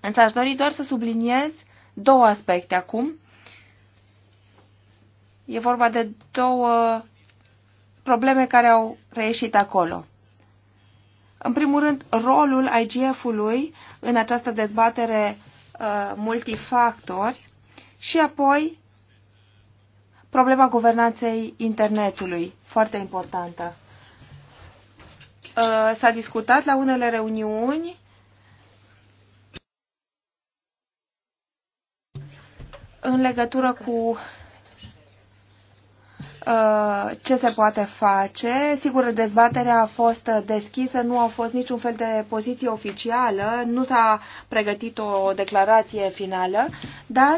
Însă aș dori doar să subliniez două aspecte acum. E vorba de două probleme care au reieșit acolo. În primul rând, rolul IGF-ului în această dezbatere uh, multifactori și apoi problema guvernanței internetului, foarte importantă. Uh, S-a discutat la unele reuniuni în legătură cu uh, ce se poate face. Sigur, dezbaterea a fost deschisă, nu a fost niciun fel de poziție oficială, nu s-a pregătit o declarație finală, dar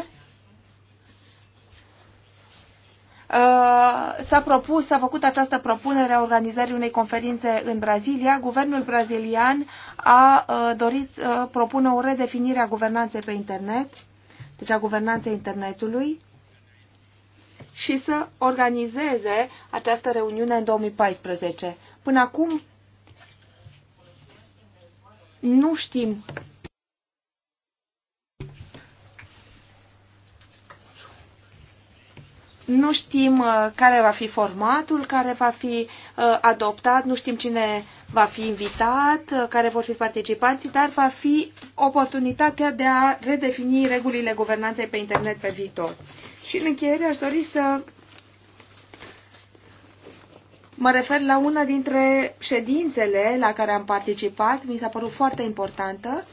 uh, s-a propus, s-a făcut această propunere a organizării unei conferințe în Brazilia. Guvernul brazilian a uh, dorit să propună o redefinire a guvernanței pe internet deci a guvernanței internetului, și să organizeze această reuniune în 2014. Până acum nu știm Nu știm uh, care va fi formatul care va fi uh, adoptat, nu știm cine va fi invitat, uh, care vor fi participanții, dar va fi oportunitatea de a redefini regulile guvernanței pe internet pe viitor. Și în încheiere aș dori să mă refer la una dintre ședințele la care am participat, mi s-a părut foarte importantă.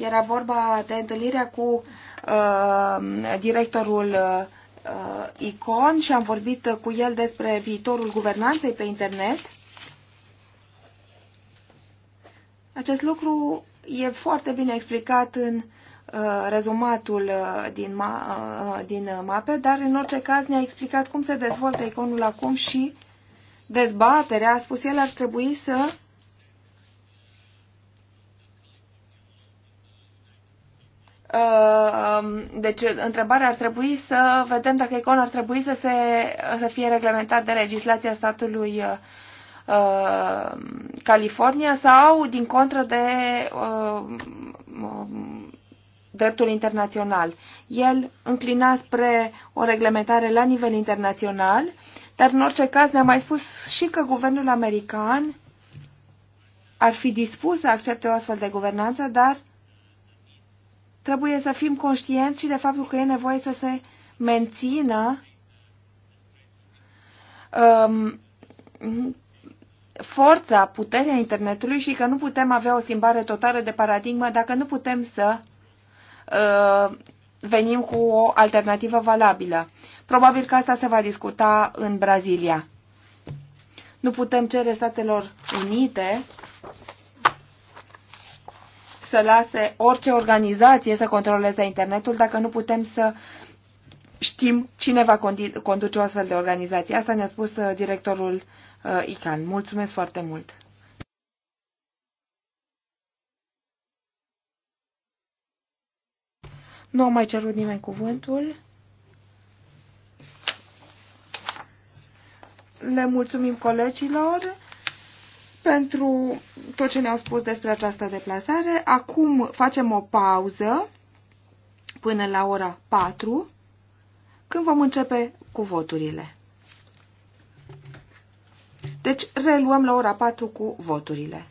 Era vorba de întâlnirea cu uh, directorul uh, Uh, icon și am vorbit cu el despre viitorul guvernanței pe internet. Acest lucru e foarte bine explicat în uh, rezumatul uh, din, ma, din mape, dar în orice caz ne-a explicat cum se dezvoltă iconul acum și dezbaterea, a spus el, ar trebui să Uh, um, deci, întrebarea ar trebui să vedem dacă ICON ar trebui să, se, să fie reglementat de legislația statului uh, uh California sau, din contră, de uh, um, dreptul internațional. El înclina spre o reglementare la nivel internațional, dar, în orice caz, ne-a mai spus și că guvernul american ar fi dispus să accepte o astfel de guvernanță, dar trebuie să fim conștienți și de faptul că e nevoie să se mențină um, forța, puterea internetului și că nu putem avea o schimbare totală de paradigmă dacă nu putem să uh, venim cu o alternativă valabilă. Probabil că asta se va discuta în Brazilia. Nu putem cere Statelor Unite să lase orice organizație să controleze internetul dacă nu putem să știm cine va conduce o astfel de organizație. Asta ne-a spus uh, directorul uh, ICAN. Mulțumesc foarte mult! Nu a mai cerut nimeni cuvântul. Le mulțumim colegilor pentru tot ce ne-au spus despre această deplasare. Acum facem o pauză până la ora 4, când vom începe cu voturile. Deci reluăm la ora 4 cu voturile.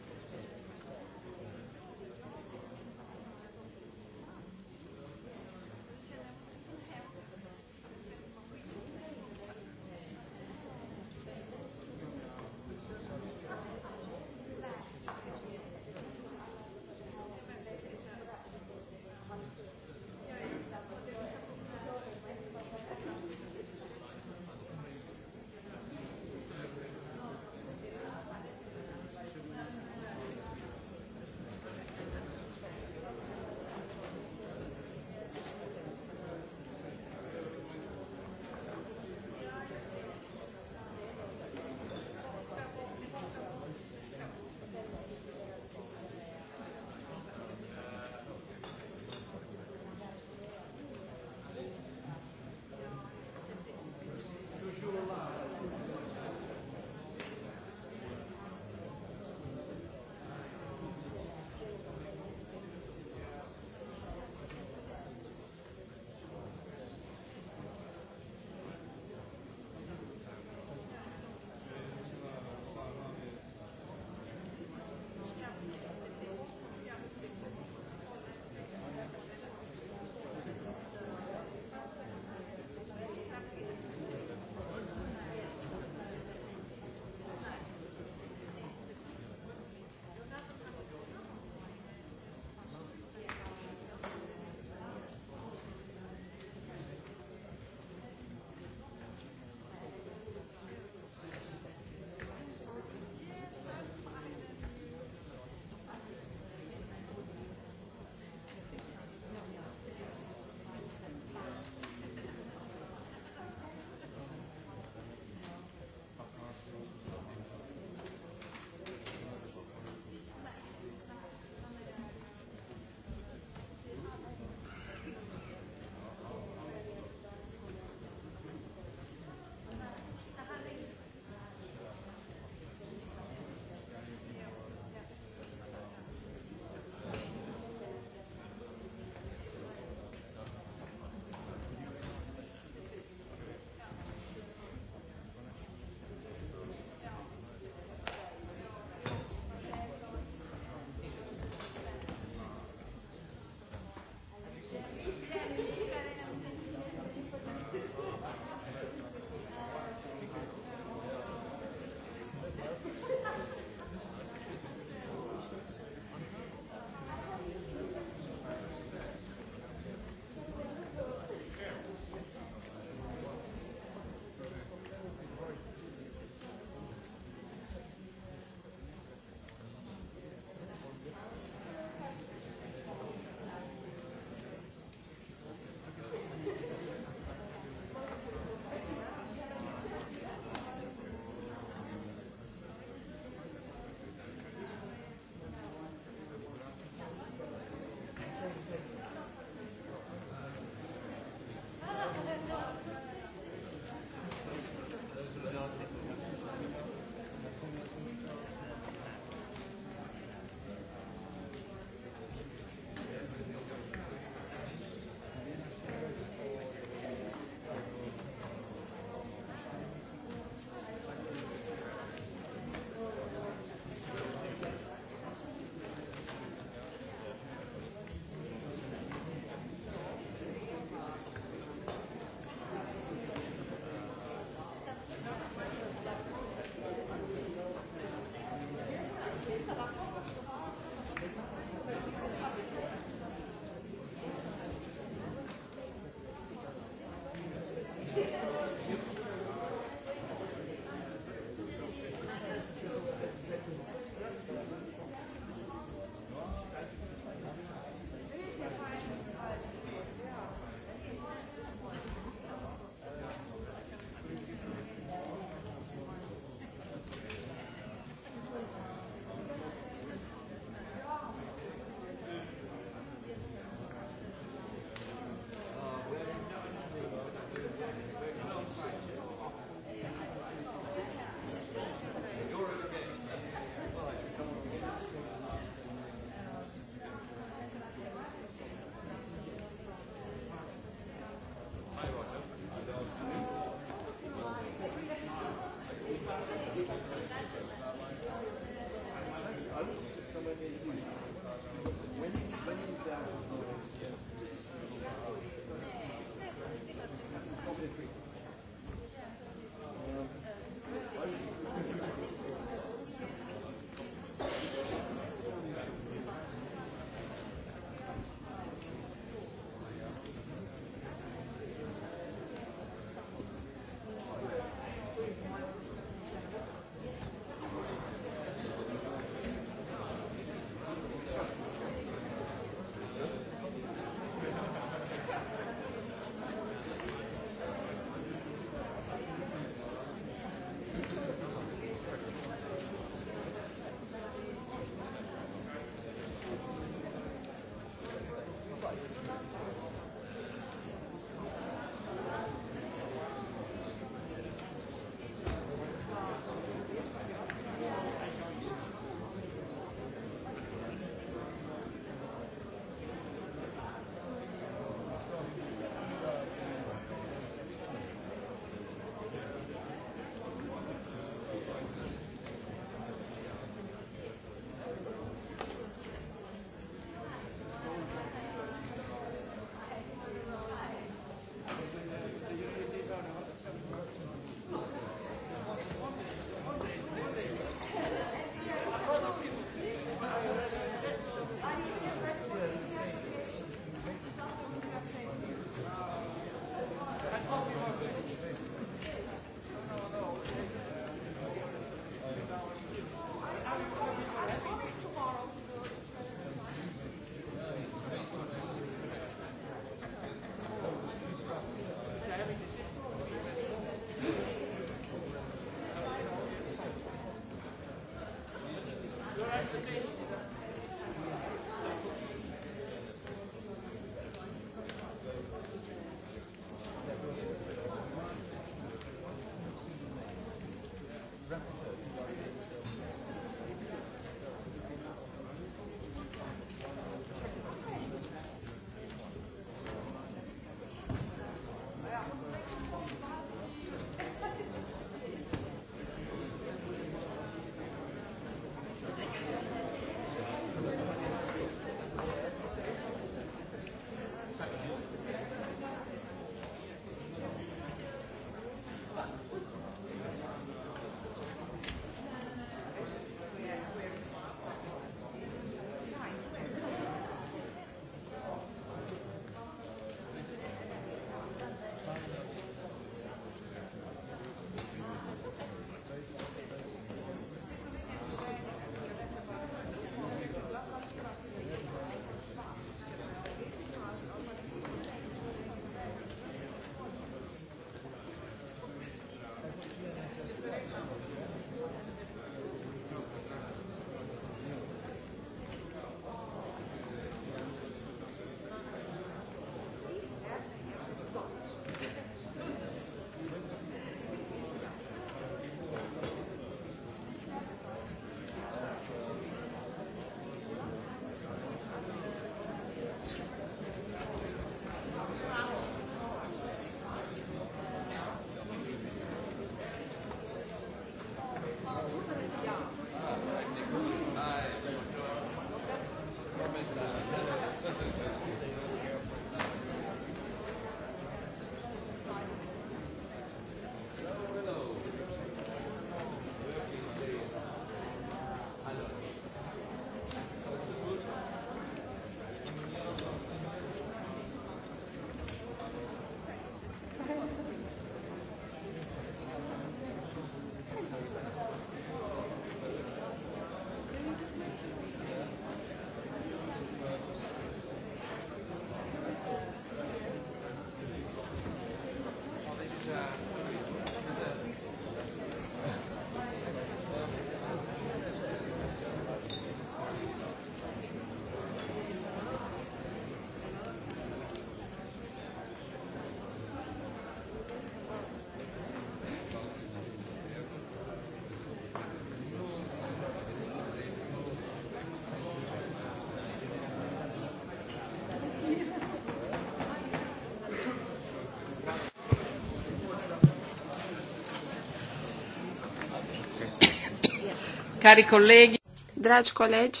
Cari colegi, dragi colegi,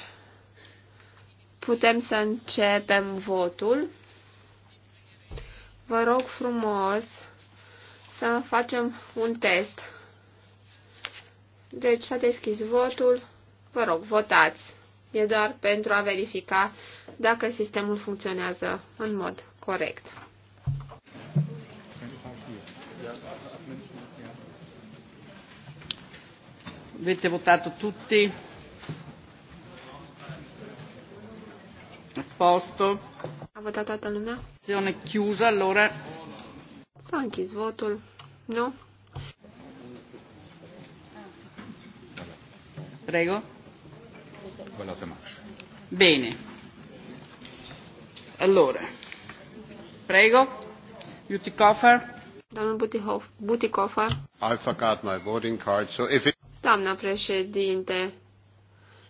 putem să începem votul. Vă rog frumos să facem un test. Deci s-a deschis votul. Vă rog, votați. E doar pentru a verifica dacă sistemul funcționează în mod corect. Avete votato tutti? A posto? Ha votato tutta lumea? Sezione chiusa, allora. S-a închis votul. Nu? Prego. Quella se marcia. Bene. Allora. Prego. Beauty Coffer. Donald Butikofer. I forgot my voting card, so if it... Doamna președinte,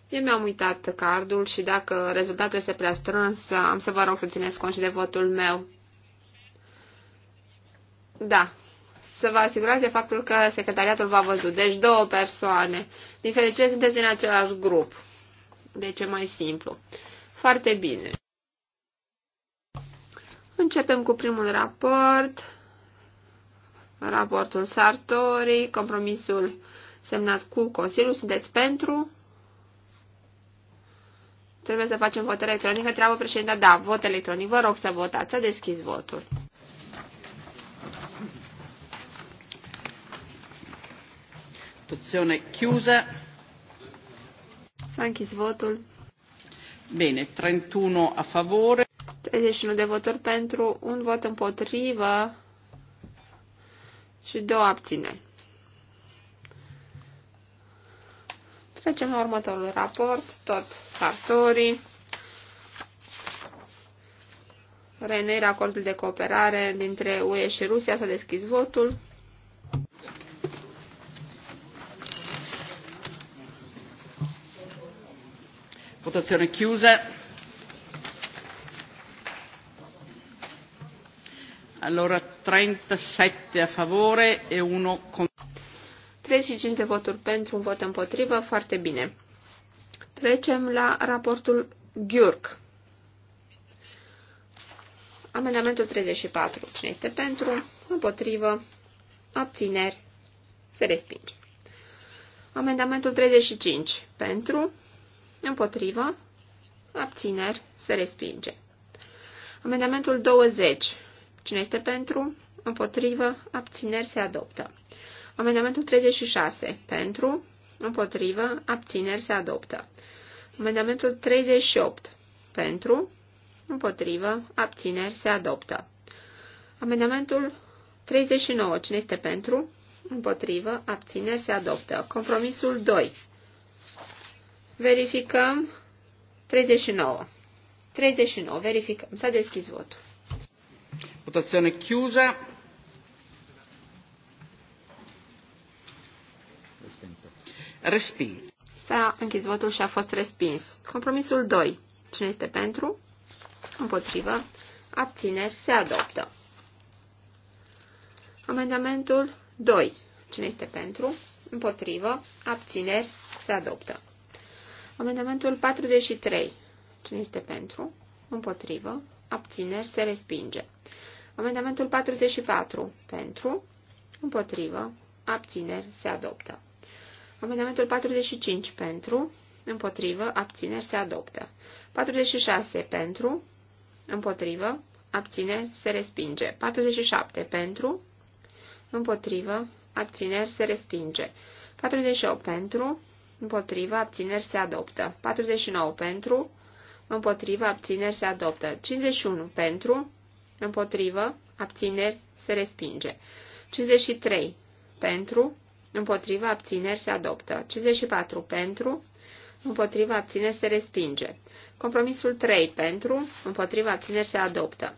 eu mi-am uitat cardul și dacă rezultatul este prea strâns, am să vă rog să țineți cont și de votul meu. Da, să vă asigurați de faptul că secretariatul v-a văzut. Deci două persoane. Din fericire sunteți din același grup. Deci e mai simplu. Foarte bine. Începem cu primul raport. Raportul Sartori, compromisul semnat cu Consiliul. Sunteți pentru? Trebuie să facem vot electronic. treabă președinte, Da, vot electronic. Vă rog să votați. Să deschis votul. Votazione chiusa. S-a închis votul. Bine, 31 a favore. 31 de voturi pentru, un vot împotrivă și două abțineri. Trecem la următorul raport, tot Sartori. Reînnoirea acordului de cooperare dintre UE și Rusia s-a deschis votul. Votazione chiusa. Allora 37 a favore e 1 contro. 35 de voturi pentru, un vot împotrivă, foarte bine. Trecem la raportul Ghiurc. Amendamentul 34. Cine este pentru? Împotrivă. Abțineri. Se respinge. Amendamentul 35. Pentru. Împotrivă. Abțineri. Se respinge. Amendamentul 20. Cine este pentru? Împotrivă. Abțineri. Se adoptă. Amendamentul 36. Pentru, împotrivă, abțineri se adoptă. Amendamentul 38. Pentru, împotrivă, abțineri se adoptă. Amendamentul 39. Cine este pentru? Împotrivă, abțineri se adoptă. Compromisul 2. Verificăm 39. 39. Verificăm. S-a deschis votul. Votazione chiusa. Respins. S-a închis votul și a fost respins. Compromisul 2. Cine este pentru? Împotrivă. Abțineri. Se adoptă. Amendamentul 2. Cine este pentru? Împotrivă. Abțineri. Se adoptă. Amendamentul 43. Cine este pentru? Împotrivă. Abțineri. Se respinge. Amendamentul 44. Pentru. Împotrivă. Abțineri. Se adoptă. Amendamentul 45 pentru, împotrivă, abțineri se adoptă. 46 pentru, împotrivă, abțineri se respinge. 47 pentru, împotrivă, abțineri se respinge. 48 pentru, împotrivă, abțineri se adoptă. 49 pentru, împotrivă, abțineri se adoptă. 51 pentru, împotrivă, abțineri se respinge. 53 pentru, împotriva abțineri se adoptă. 54 pentru, împotriva abțineri se respinge. Compromisul 3 pentru, împotriva abțineri se adoptă.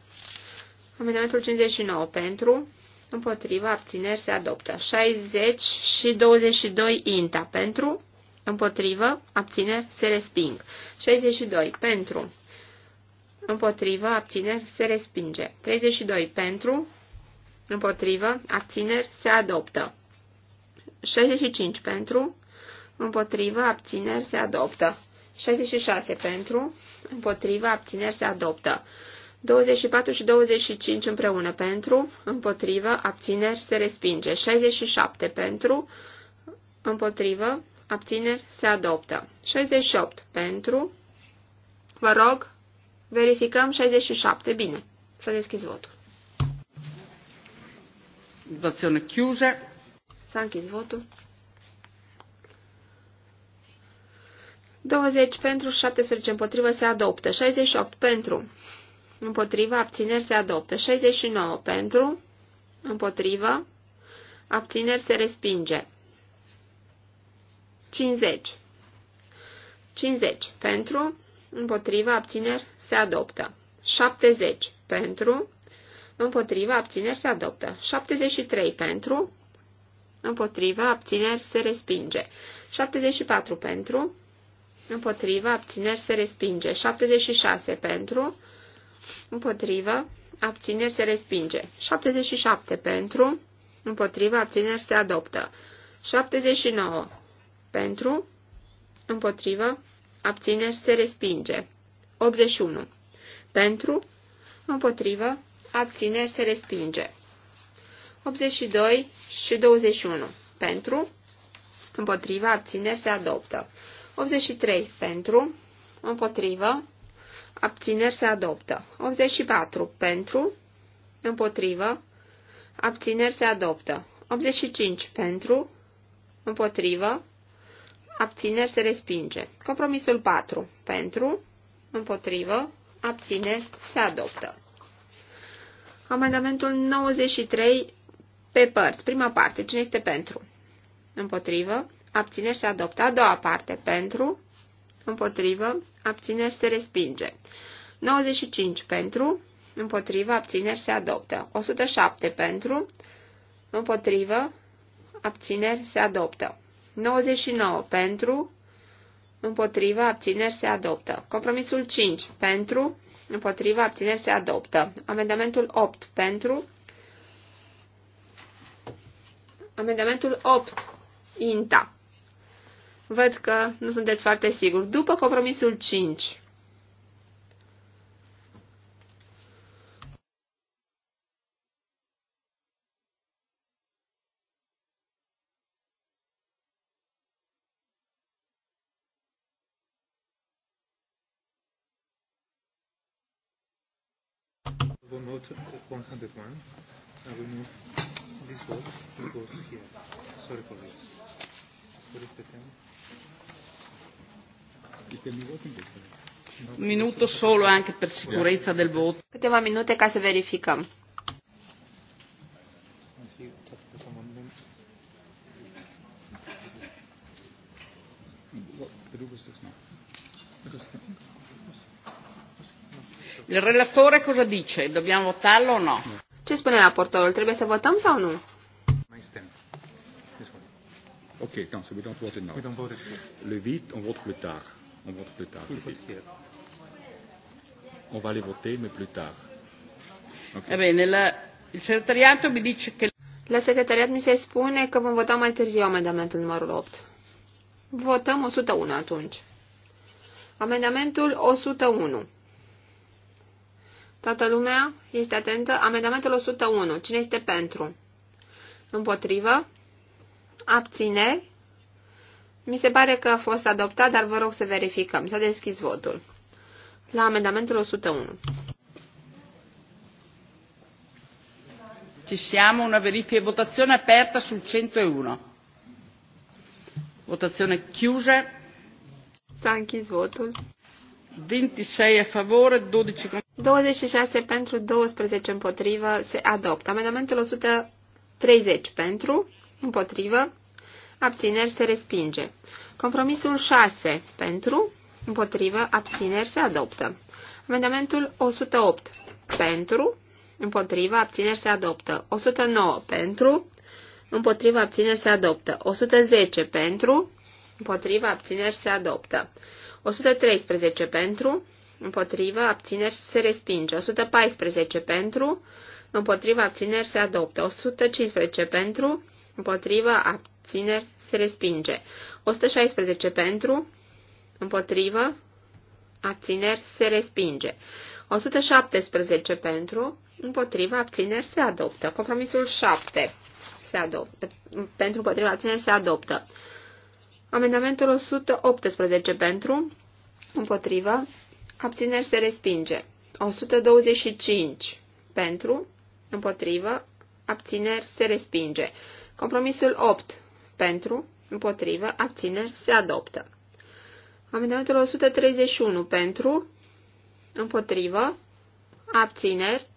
Amendamentul 59 pentru, împotriva abțineri se adoptă. 60 și 22 INTA pentru, împotrivă, abțineri se resping. 62 pentru, împotrivă, abțineri se respinge. 32 pentru, împotrivă, abțineri se adoptă. 65 pentru, împotrivă, abțineri, se adoptă. 66 pentru, împotrivă, abțineri, se adoptă. 24 și 25 împreună pentru, împotrivă, abțineri, se respinge. 67 pentru, împotrivă, abțineri, se adoptă. 68 pentru, vă rog, verificăm 67, bine, să deschis votul. Votazione chiusa. S-a închis votul. 20 pentru, 17 împotrivă se adoptă. 68 pentru, împotrivă, abțineri se adoptă. 69 pentru, împotrivă, abțineri se respinge. 50. 50 pentru, împotrivă, abțineri, se adoptă. 70 pentru, împotrivă, abțineri, se adoptă. 73 pentru, împotrivă, abțineri, se respinge. 74 pentru, împotrivă, abțineri, se respinge. 76 pentru, împotrivă, abțineri, se respinge. 77 pentru, împotrivă, abțineri, se adoptă. 79 pentru, împotrivă, abțineri, se respinge. 81 pentru, împotrivă, abțineri, se respinge. 82 și 21 pentru, împotriva, abțineri se adoptă. 83 pentru, împotrivă, abțineri se adoptă. 84 pentru, împotrivă, abțineri se adoptă. 85 pentru, împotrivă, abțineri se respinge. Compromisul 4 pentru, împotrivă, abțineri se adoptă. Amendamentul 93 pe părți, prima parte, cine este pentru? Împotrivă, abține se adoptă. A doua parte, pentru, împotrivă, și se respinge. 95 pentru, împotrivă, abțineri se adoptă. 107 pentru, împotrivă, abțineri se adoptă. 99 pentru, împotrivă, abțineri se adoptă. Compromisul 5 pentru, împotrivă, abțineri se adoptă. Amendamentul 8 pentru, Amendamentul 8. INTA. Văd că nu sunteți foarte siguri. După compromisul 5. One more to 101 this it goes here. Sorry for this. What is the time? Un minuto solo anche per sicurezza del voto. Câteva minute ca să verificăm. Il relatore cosa dice? Dobbiamo votarlo o no? Ce spune raportorul? Trebuie să votăm sau nu? Ok, stăm. Ok, we don't vote le vit, on vote plus tard. On vote plus tard. on va le voter, mais plus tard. Okay. Eh Bine, la, il secretariat mi dice che... La secretariat mi se spune că vom vota mai târziu amendamentul numărul 8. Votăm 101 atunci. Amendamentul 101. Toată lumea este atentă. Amendamentul 101. Cine este pentru? Împotrivă? Abțineri? Mi se pare că a fost adoptat, dar vă rog să verificăm. S-a deschis votul. La amendamentul 101. Ci siamo una verifica votazione aperta sul 101. Votazione chiusa. S-a închis votul. 26 a favore, 12 contro. 26 pentru, 12 împotrivă, se adoptă. Amendamentul 130 pentru, împotrivă, abțineri se respinge. Compromisul 6 pentru, împotrivă, abțineri se adoptă. Amendamentul 108 pentru, împotrivă, abțineri se adoptă. 109 pentru, împotrivă, abțineri se adoptă. 110 pentru, împotrivă, abțineri se adoptă. 113 pentru, împotrivă, abțineri, se respinge. 114 pentru, împotrivă, abțineri, se adoptă. 115 pentru, împotrivă, abțineri, se respinge. 116 pentru, împotrivă, abțineri, se respinge. 117 pentru, împotrivă, abțineri, se adoptă. Compromisul 7 se adoptă. Pentru împotriva, abțineri, se adoptă. Amendamentul 118 pentru, împotrivă, Abțineri se respinge. 125 pentru, împotrivă, abțineri se respinge. Compromisul 8 pentru, împotrivă, abțineri se adoptă. Amendamentul 131 pentru, împotrivă, abțineri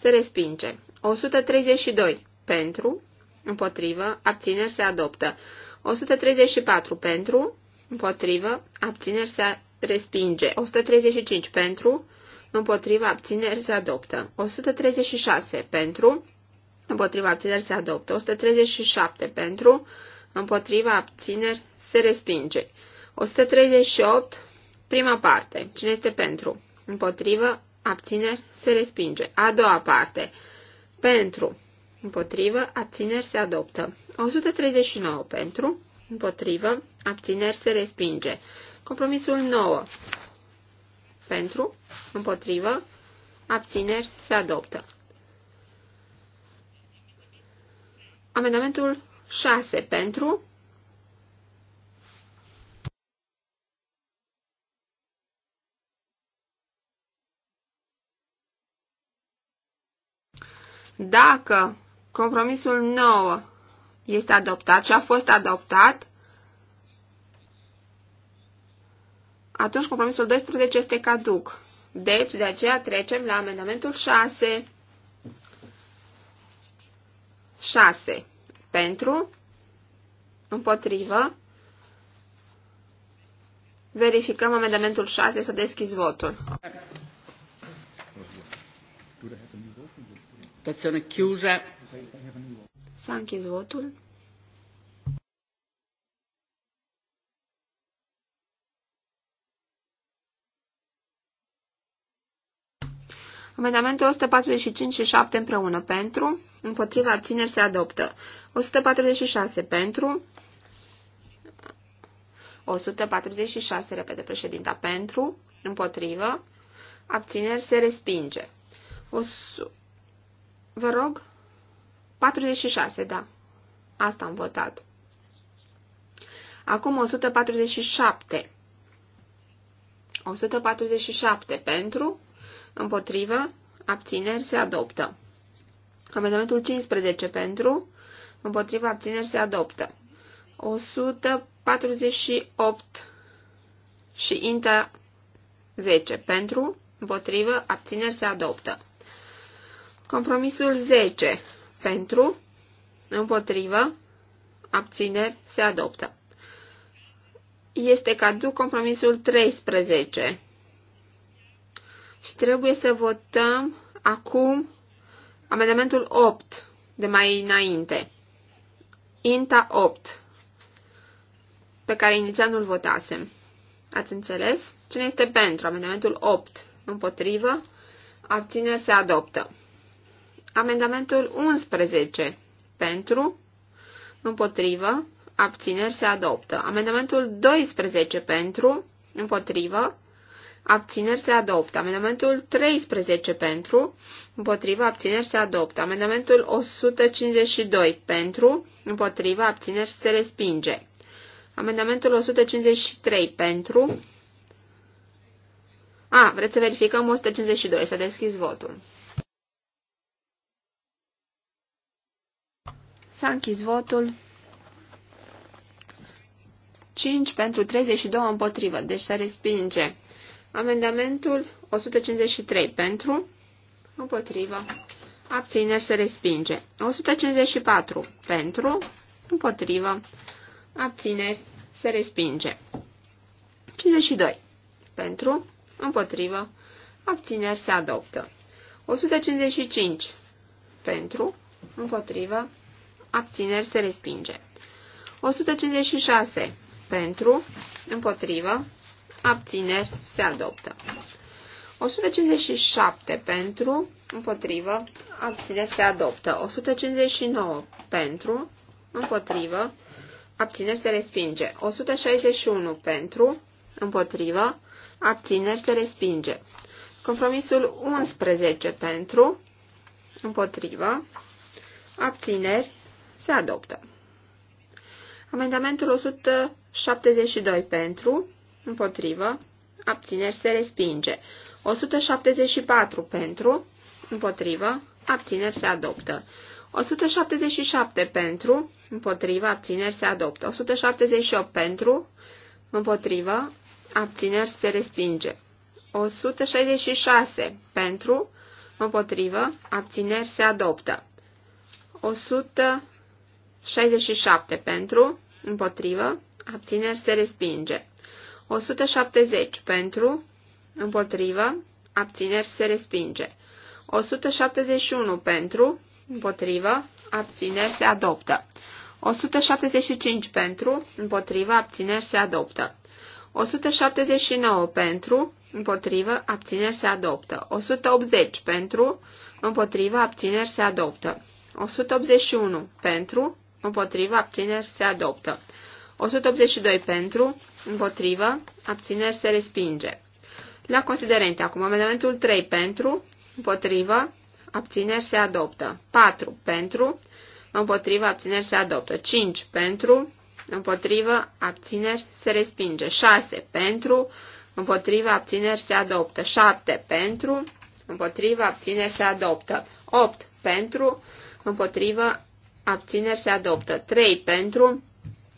se respinge. 132 pentru, împotrivă, abțineri se adoptă. 134 pentru, împotrivă, abțineri se respinge. 135 pentru, împotriva abțineri se adoptă. 136 pentru, împotriva abțineri se adoptă. 137 pentru, împotriva abțineri se respinge. 138, prima parte. Cine este pentru? Împotrivă, abțineri se respinge. A doua parte. Pentru, împotrivă, abțineri se adoptă. 139 pentru, împotrivă, abțineri se respinge. Compromisul 9. Pentru, împotrivă, abțineri, se adoptă. Amendamentul 6. Pentru, Dacă compromisul 9 este adoptat și a fost adoptat, atunci compromisul 12 este caduc. Deci, de aceea trecem la amendamentul 6. 6. Pentru, împotrivă, verificăm amendamentul 6 să deschizi votul. Stațiune chiuză. S-a închis votul. Amendamentul 145 și 7 împreună pentru, împotriva abțineri se adoptă. 146 pentru, 146, repede președinta, pentru, împotrivă, abțineri se respinge. O, vă rog, 46, da, asta am votat. Acum 147. 147 pentru, Împotrivă. Abțineri se adoptă. Amendamentul 15 pentru. Împotrivă abțineri se adoptă. 148 și inta 10 pentru. Împotrivă abțineri se adoptă. Compromisul 10 pentru. Împotrivă abțineri se adoptă. Este caduc compromisul 13 și trebuie să votăm acum amendamentul 8 de mai înainte. INTA 8 pe care inițial nu-l votasem. Ați înțeles? Cine este pentru? Amendamentul 8. Împotrivă. Abține se adoptă. Amendamentul 11. Pentru. Împotrivă. Abțineri se adoptă. Amendamentul 12. Pentru. Împotrivă abțineri se adoptă. Amendamentul 13 pentru, împotriva, abțineri se adoptă. Amendamentul 152 pentru, împotriva, abțineri se respinge. Amendamentul 153 pentru... A, vreți să verificăm 152, să deschizi votul. S-a închis votul. 5 pentru 32 împotrivă, deci se respinge. Amendamentul 153 pentru, împotriva, abține, se respinge. 154 pentru, împotriva, abține, se respinge. 52 pentru, împotrivă, abține, se adoptă. 155 pentru, împotrivă, abțineri se respinge. 156 pentru, împotrivă, abțineri, se adoptă. 157 pentru, împotrivă, abțineri, se adoptă. 159 pentru, împotrivă, abțineri, se respinge. 161 pentru, împotrivă, abțineri, se respinge. Compromisul 11 pentru, împotrivă, abțineri, se adoptă. Amendamentul 172 pentru, împotrivă, abțineri se respinge. 174 pentru, împotrivă, abțineri se adoptă. 177 pentru, împotrivă, abțineri se adoptă. 178 pentru, împotrivă, abțineri se respinge. 166 pentru, împotrivă, abțineri se adoptă. 167 pentru, împotrivă, abțineri se respinge. 170 pentru, împotrivă, abțineri se respinge. 171 pentru, împotrivă, abțineri se adoptă. 175 pentru, împotrivă, abțineri se adoptă. 179 pentru, împotrivă, abțineri se adoptă. 180 pentru, împotrivă, abțineri se adoptă. 181 pentru, împotrivă, abțineri se adoptă. 182 pentru, împotrivă, abțineri se respinge. La considerente, acum amendamentul 3 pentru, împotrivă, abțineri se adoptă. 4 pentru, împotrivă, abțineri se adoptă. 5 pentru, împotrivă, abțineri se respinge. 6 pentru, împotrivă, abțineri se adoptă. 7 pentru, împotrivă, abțineri se adoptă. 8 pentru, împotrivă, abțineri se adoptă. 3 pentru,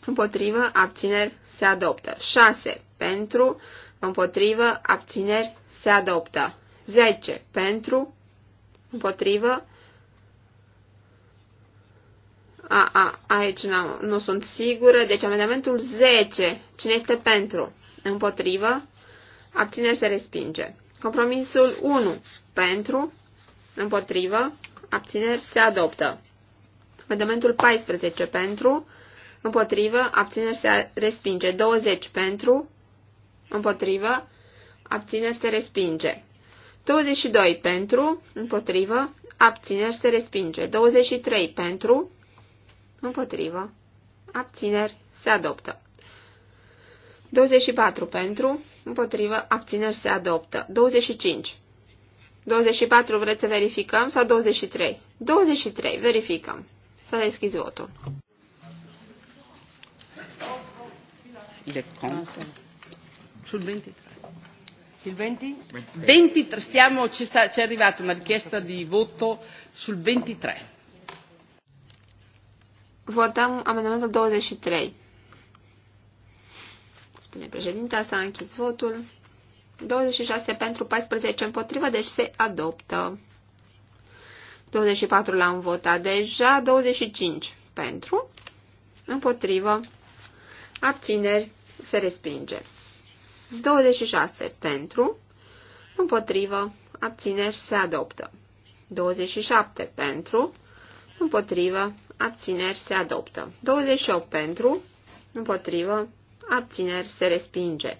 împotrivă, abțineri, se adoptă. 6. Pentru, împotrivă, abțineri, se adoptă. 10. Pentru, împotrivă, a, a, aici nu, nu sunt sigură, deci amendamentul 10, cine este pentru, împotrivă, abțineri, se respinge. Compromisul 1, pentru, împotrivă, abțineri, se adoptă. Amendamentul 14, pentru, împotrivă, abțineri se respinge. 20 pentru, împotrivă, abțineri se respinge. 22 pentru, împotrivă, abțineri se respinge. 23 pentru, împotrivă, abțineri se adoptă. 24 pentru, împotrivă, abțineri se adoptă. 25. 24 vreți să verificăm sau 23? 23, verificăm. S-a deschis votul. il è contro sul 23 sul 20? 23 stiamo, ci, sta, ci è arrivata una richiesta di voto sul 23 votăm amendamentul 23 spune președinta s-a închis votul 26 pentru 14 împotriva, deci se adoptă. 24 l-am votat deja, 25 pentru, împotrivă, abțineri, se respinge. 26 pentru, împotrivă, abțineri se adoptă. 27 pentru, împotrivă, abțineri se adoptă. 28 pentru, împotrivă, abțineri se respinge.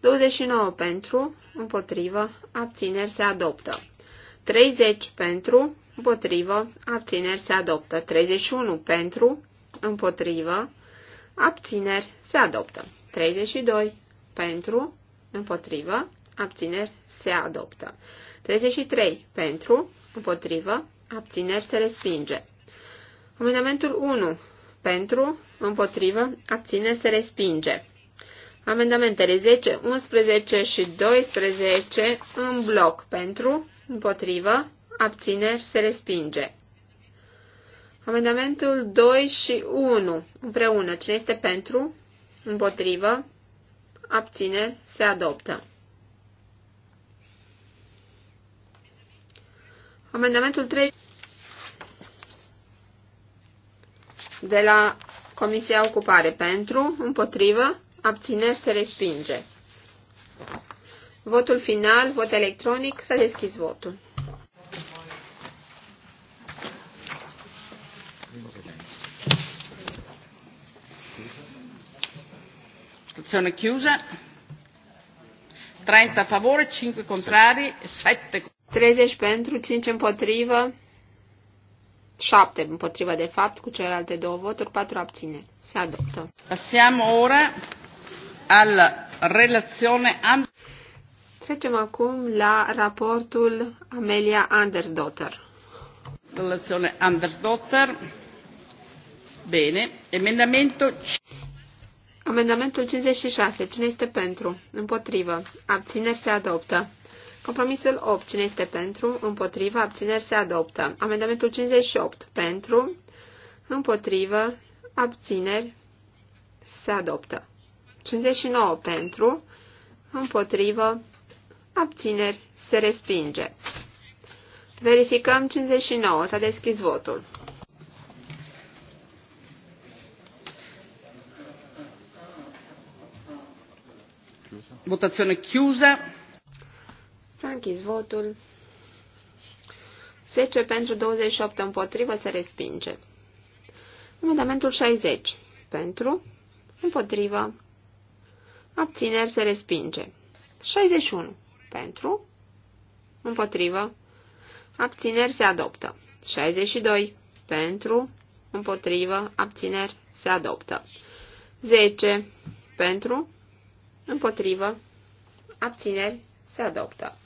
29 pentru, împotrivă, abțineri se adoptă. 30 pentru, împotrivă, abțineri se adoptă. 31 pentru, împotrivă, abțineri se adoptă. 32. Pentru, împotrivă, abțineri se adoptă. 33. Pentru, împotrivă, abțineri se respinge. Amendamentul 1. Pentru, împotrivă, abțineri se respinge. Amendamentele 10, 11 și 12 în bloc. Pentru, împotrivă, abțineri se respinge. Amendamentul 2 și 1 împreună. Cine este pentru? Împotrivă. abține, Se adoptă. Amendamentul 3 de la Comisia Ocupare pentru, împotrivă, abțineri se respinge. Votul final, vot electronic, s-a deschis votul. votazione chiusa. 30 a favore, 5 contrari, 7 contrari. 30 pentru, 5 împotrivă, 7 împotrivă de fapt cu celelalte două voturi, 4 abține. Se adoptă. Passiamo ora alla relazione And- Trecem acum la raportul Amelia Andersdotter. Relazione Andersdotter. Bene, emendamento 5. Amendamentul 56. Cine este pentru? Împotrivă. Abțineri se adoptă. Compromisul 8. Cine este pentru? Împotrivă. Abțineri se adoptă. Amendamentul 58. Pentru. Împotrivă. Abțineri se adoptă. 59. Pentru. Împotrivă. Abțineri se respinge. Verificăm 59. S-a deschis votul. Votazione chiusa. S-a închis votul. 10 pentru 28 împotrivă se respinge. Amendamentul 60. Pentru, împotrivă, abțineri se respinge. 61. Pentru, împotrivă, abțineri se adoptă. 62. Pentru, împotrivă, abțineri se adoptă. 10. Pentru, Împotrivă. Abțineri. Se adoptă.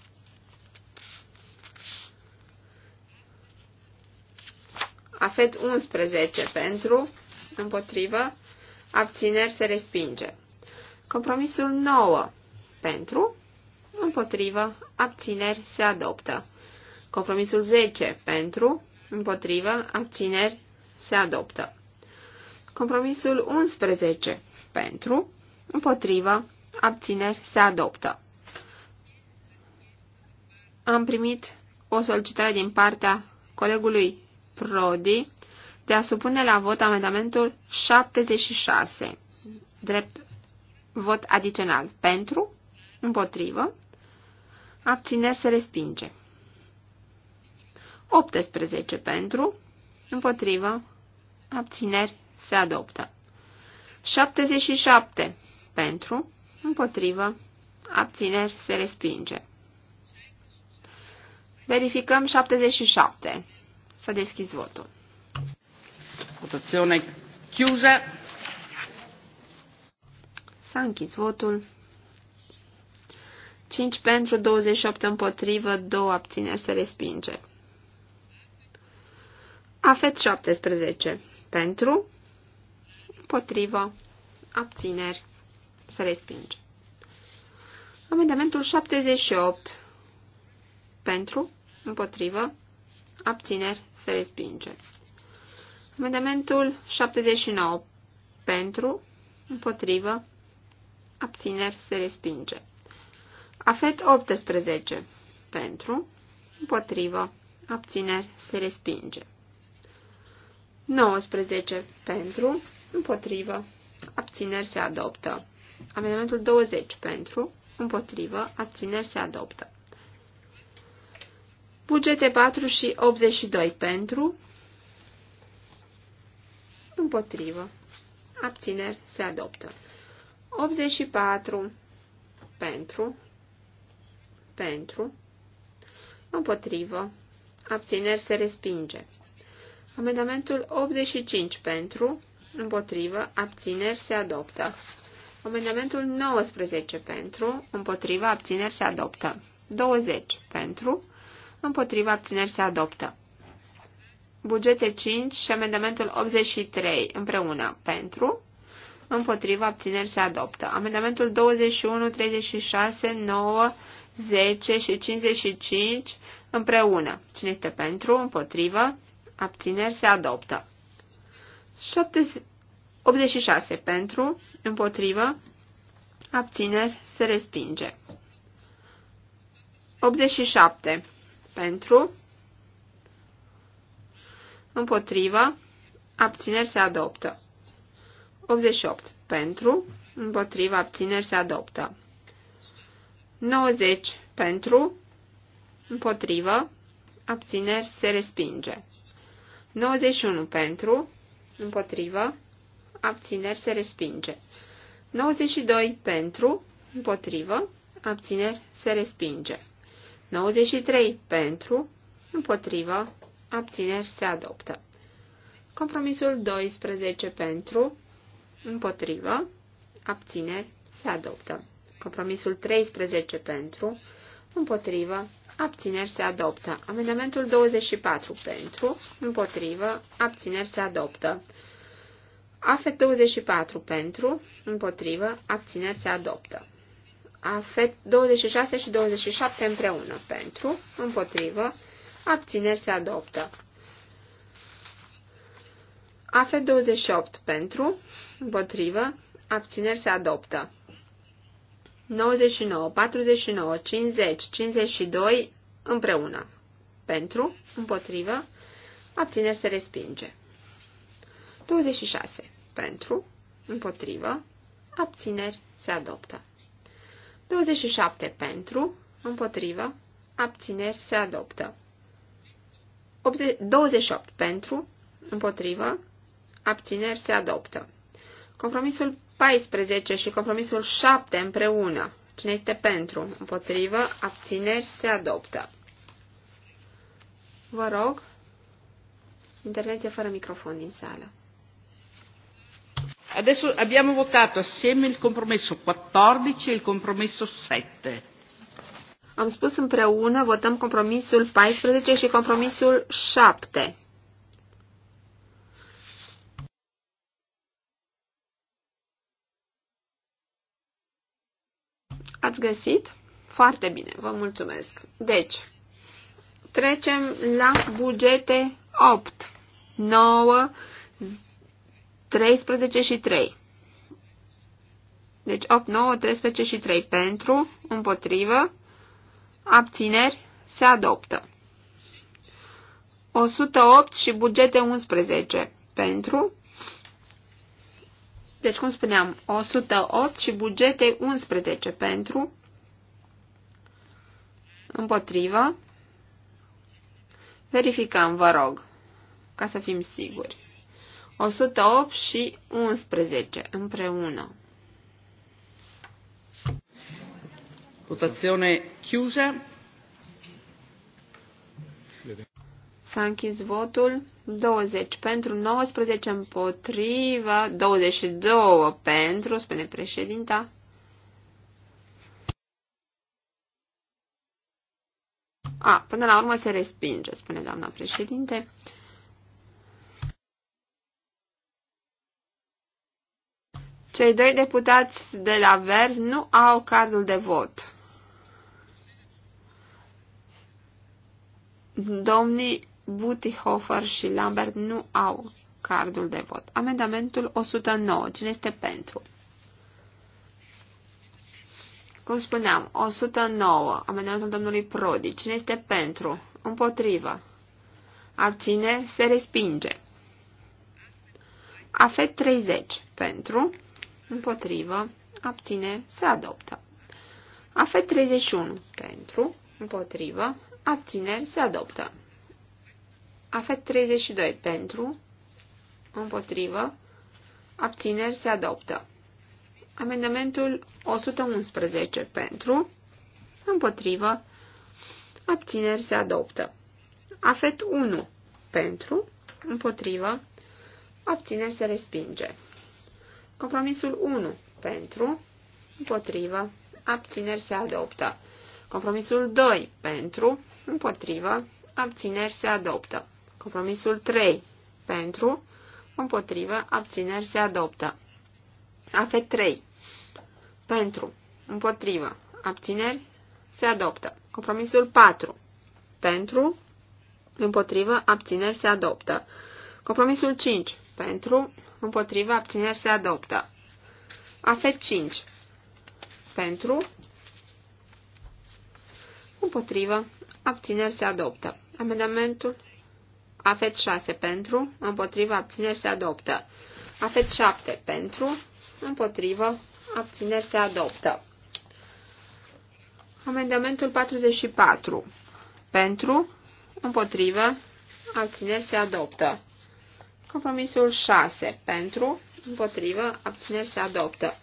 Afet 11 pentru, împotrivă, abțineri se respinge. Compromisul 9 pentru, împotrivă, abțineri se adoptă. Compromisul 10 pentru, împotrivă, abțineri se adoptă. Compromisul 11 pentru, împotrivă, abțineri, se adoptă. Am primit o solicitare din partea colegului Prodi de a supune la vot amendamentul 76, drept vot adițional, pentru, împotrivă, abțineri se respinge. 18 pentru, împotrivă, abțineri se adoptă. 77 pentru, împotrivă, abțineri, se respinge. Verificăm 77. Să deschizi votul. Votazione chiusa. S-a închis votul. 5 pentru, 28 împotrivă, 2 abțineri se respinge. Afet 17. Pentru, împotrivă, abțineri se respinge. Amendamentul 78. Pentru, împotrivă, abțineri, se respinge. Amendamentul 79. Pentru, împotrivă, abțineri, se respinge. Afet 18. Pentru, împotrivă, abțineri, se respinge. 19. Pentru, împotrivă, abțineri, se adoptă. Amendamentul 20 pentru, împotrivă, abțineri se adoptă. Bugete 4 și 82 pentru, împotrivă, abțineri se adoptă. 84 pentru, pentru, împotrivă, abțineri se respinge. Amendamentul 85 pentru, împotrivă, abțineri se adoptă. Amendamentul 19 pentru, împotriva, abțineri se adoptă. 20 pentru, împotriva, abțineri se adoptă. Bugete 5 și amendamentul 83 împreună pentru, împotriva, abțineri se adoptă. Amendamentul 21, 36, 9, 10 și 55 împreună. Cine este pentru, împotriva, abțineri se adoptă. 70 86 pentru, împotrivă, abțineri, se respinge. 87 pentru, împotrivă, abțineri, se adoptă. 88 pentru, împotrivă, abțineri, se adoptă. 90 pentru, împotrivă, abțineri, se respinge. 91 pentru, împotrivă, abțineri se respinge. 92 pentru, împotrivă, abțineri se respinge. 93 pentru, împotrivă, abțineri se adoptă. Compromisul 12 pentru, împotrivă, abțineri se adoptă. Compromisul 13 pentru, împotrivă, abțineri se adoptă. Amendamentul 24 pentru, împotrivă, abțineri se adoptă af 24 pentru, împotrivă, abțineri se adoptă. af 26 și 27 împreună pentru, împotrivă, abțineri se adoptă. af 28 pentru, împotrivă, abțineri se adoptă. 99, 49, 50, 52 împreună. Pentru, împotrivă, abțineri se respinge. 26. Pentru, împotrivă, abțineri, se adoptă. 27. Pentru, împotrivă, abțineri, se adoptă. 28. Pentru, împotrivă, abțineri, se adoptă. Compromisul 14 și compromisul 7 împreună. Cine este pentru? Împotrivă, abțineri, se adoptă. Vă rog, intervenție fără microfon din sală. Adesso abbiamo votato assieme il compromesso 14 e il compromesso 7. Am spus împreună, votăm compromisul 14 și compromisul 7. Ați găsit? Foarte bine, vă mulțumesc. Deci, trecem la bugete 8, 9, 13 și 3. Deci 8, 9, 13 și 3 pentru, împotrivă, abțineri, se adoptă. 108 și bugete 11 pentru. Deci, cum spuneam, 108 și bugete 11 pentru, împotrivă. Verificăm, vă rog, ca să fim siguri. 108 și 11 împreună. Votazione chiusa. S-a închis votul. 20 pentru, 19 împotriva, 22 pentru, spune președinta. A, până la urmă se respinge, spune doamna președinte. Cei doi deputați de la Verzi nu au cardul de vot. Domnii Butihofer și Lambert nu au cardul de vot. Amendamentul 109. Cine este pentru? Cum spuneam, 109. Amendamentul domnului Prodi. Cine este pentru? Împotrivă. Abține, se respinge. AFET 30. Pentru împotrivă, abține, se adoptă. AFET 31 pentru, împotrivă, abțineri, se adoptă. AFET 32 pentru, împotrivă, abțineri, se adoptă. Amendamentul 111 pentru, împotrivă, abțineri, se adoptă. AFET 1 pentru, împotrivă, abțineri, se respinge. Compromisul 1 pentru, împotrivă, abțineri se adoptă. Compromisul 2 pentru, împotrivă, abțineri se adoptă. Compromisul 3 pentru, împotrivă, abțineri se adoptă. AF3 pentru, împotrivă, abțineri se adoptă. Compromisul 4 pentru, împotrivă, abțineri se adoptă. Compromisul 5 pentru, împotriva, abțineri se adoptă. Afet 5. Pentru, împotrivă, abțineri se adoptă. Amendamentul Afet 6 pentru, împotriva, abțineri se adoptă. Afet 7 pentru, împotrivă, abțineri se adoptă. Amendamentul 44 pentru, împotrivă, abțineri se adoptă. Compromisul 6 pentru, împotrivă, abțineri se adoptă.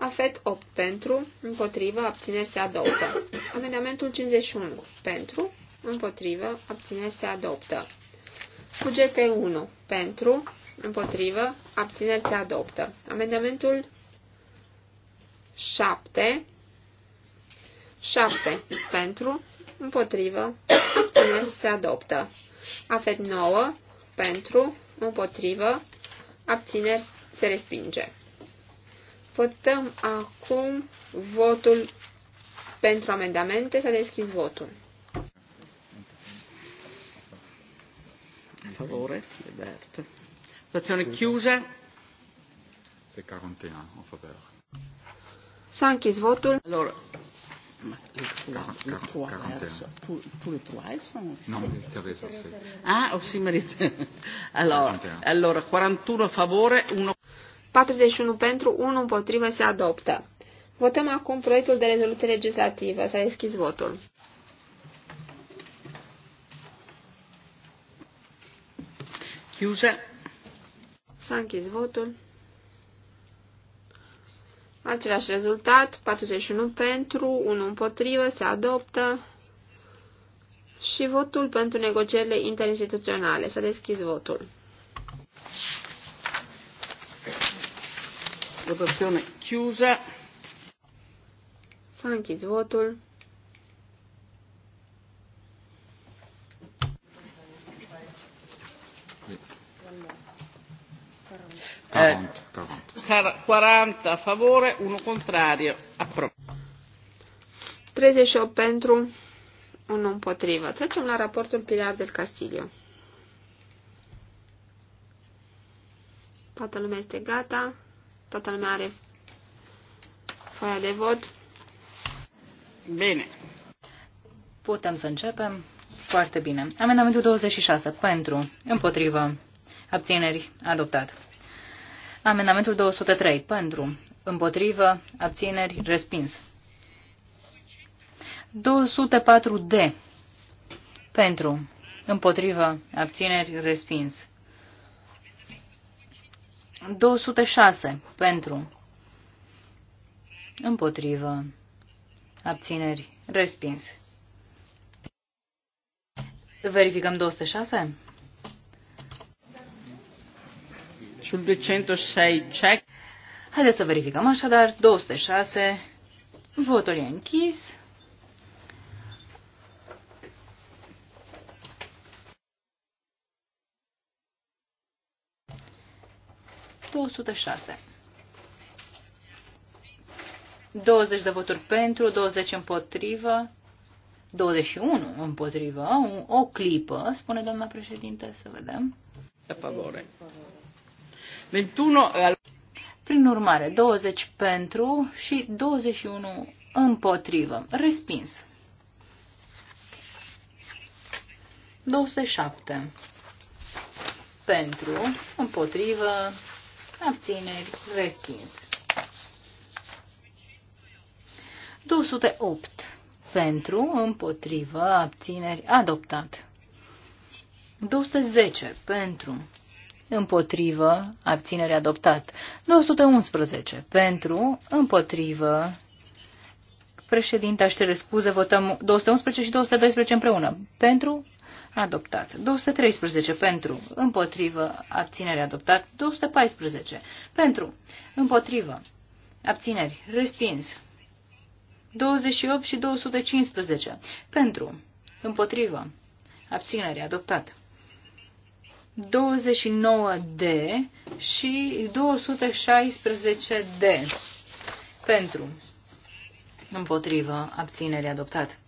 Afet 8 pentru, împotrivă, abțineri se adoptă. Amendamentul 51 pentru, împotrivă, abțineri se adoptă. Cuget 1 pentru, împotrivă, abțineri se adoptă. Amendamentul 7 7 pentru, împotrivă, abțineri se adoptă. Afet 9 pentru, împotrivă, abțineri se respinge. Votăm acum votul pentru amendamente. S-a deschis votul. A favore, Liberto. Votazione chiusa. 41 a favore. S-a închis votul. Allora, les trois, les trois verses, tous, tous les trois, ils sont aussi. Non, Teresa aussi. Ah, aussi mérite. Alors, allora, 41 favore, 1... 41 pentru, 1 împotrivă se adoptă. Votăm acum proiectul de rezoluție legislativă. S-a deschis votul. S-a închis votul. Același rezultat, 41 pentru, 1 împotrivă, se adoptă și votul pentru negocierile interinstituționale. Să a deschis votul. Votazione chiusa. S-a închis votul. Eh, 40 a favore, 1 contrario, approvato. 38 pentru, 1 împotrivă. Trecem la raportul Pilar del Castillo. Toată lumea este gata, toată lumea are foaia de vot. Bine. Putem să începem. Foarte bine. Amendamentul 26. Pentru. Împotrivă. Abțineri. Adoptat. Amendamentul 203. Pentru. Împotrivă. Abțineri. Respins. 204D. Pentru. Împotrivă. Abțineri. Respins. 206. Pentru. Împotrivă. Abțineri. Respins. Verificăm 206. Sul 206 check. Haideți să verificăm așadar. 206. Votul e închis. șase. 20 de voturi pentru, 20 împotrivă, 21 împotrivă, o clipă, spune doamna președinte, să vedem. De favore. 21... Eh, Prin urmare, 20 pentru și 21 împotrivă. Respins. 207. Pentru, împotrivă, abțineri, respins. 208. Pentru, împotrivă, abțineri, adoptat. 210. Pentru, împotrivă, abținere adoptat. 211 pentru, împotrivă, președinte, aș cere scuze, votăm 211 și 212 împreună. Pentru, adoptat. 213 pentru, împotrivă, abținere adoptat. 214 pentru, împotrivă, abțineri, respins. 28 și 215 pentru, împotrivă, abținere adoptat. 29D și 216D pentru împotrivă abținere adoptat.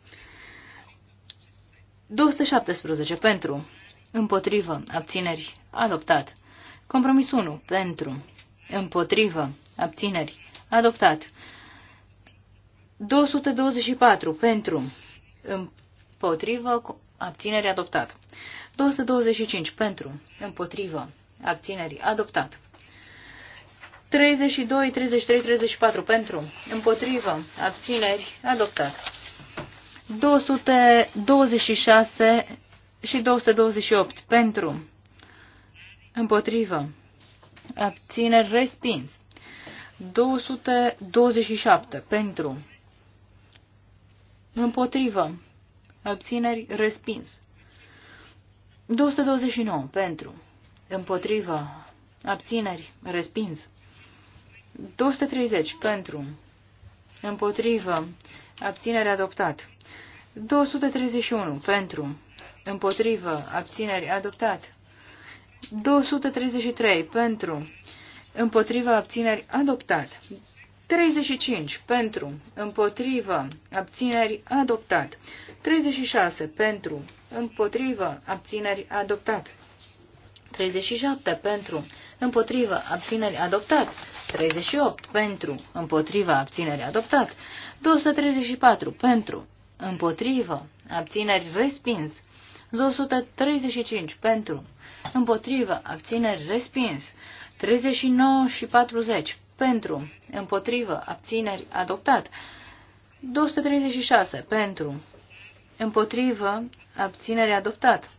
217 pentru împotrivă abțineri adoptat. Compromis 1 pentru împotrivă abțineri adoptat. 224 pentru împotrivă abținere adoptat. 225 pentru, împotrivă, abțineri, adoptat. 32, 33, 34 pentru, împotrivă, abțineri, adoptat. 226 și 228 pentru, împotrivă, abțineri, respins. 227 pentru, împotrivă, abțineri, respins. 229 pentru, împotrivă, abțineri, respins. 230 pentru, împotrivă, Abțineri adoptat. 231 pentru, împotrivă, abțineri adoptat. 233 pentru, împotrivă, abțineri adoptat. 35 pentru, împotrivă, abțineri adoptat. 36 pentru, împotrivă, abțineri, adoptat. 37 pentru, împotrivă, abțineri, adoptat. 38 pentru, împotriva, abțineri, adoptat. 234 pentru, împotrivă, abțineri, respins. 235 pentru, împotrivă, abțineri, respins. 39 și 40 pentru, împotrivă, abțineri, adoptat. 236 pentru, împotrivă, abținere adoptat.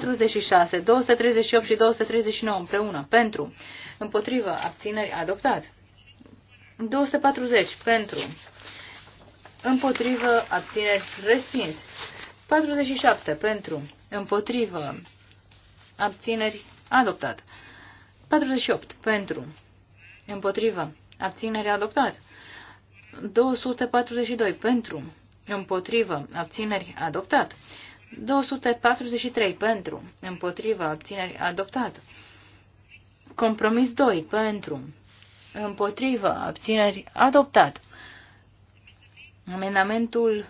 ...46, 238 și 239 împreună, pentru, împotrivă, abțineri, adoptat. 240, pentru, împotrivă, abțineri, respins. 47, pentru, împotrivă, abțineri, adoptat. 48, pentru, împotrivă, abținere adoptat. 242 pentru, împotrivă, abțineri adoptat. 243 pentru, împotrivă, abțineri adoptat. Compromis 2 pentru, împotrivă, abțineri adoptat. Amendamentul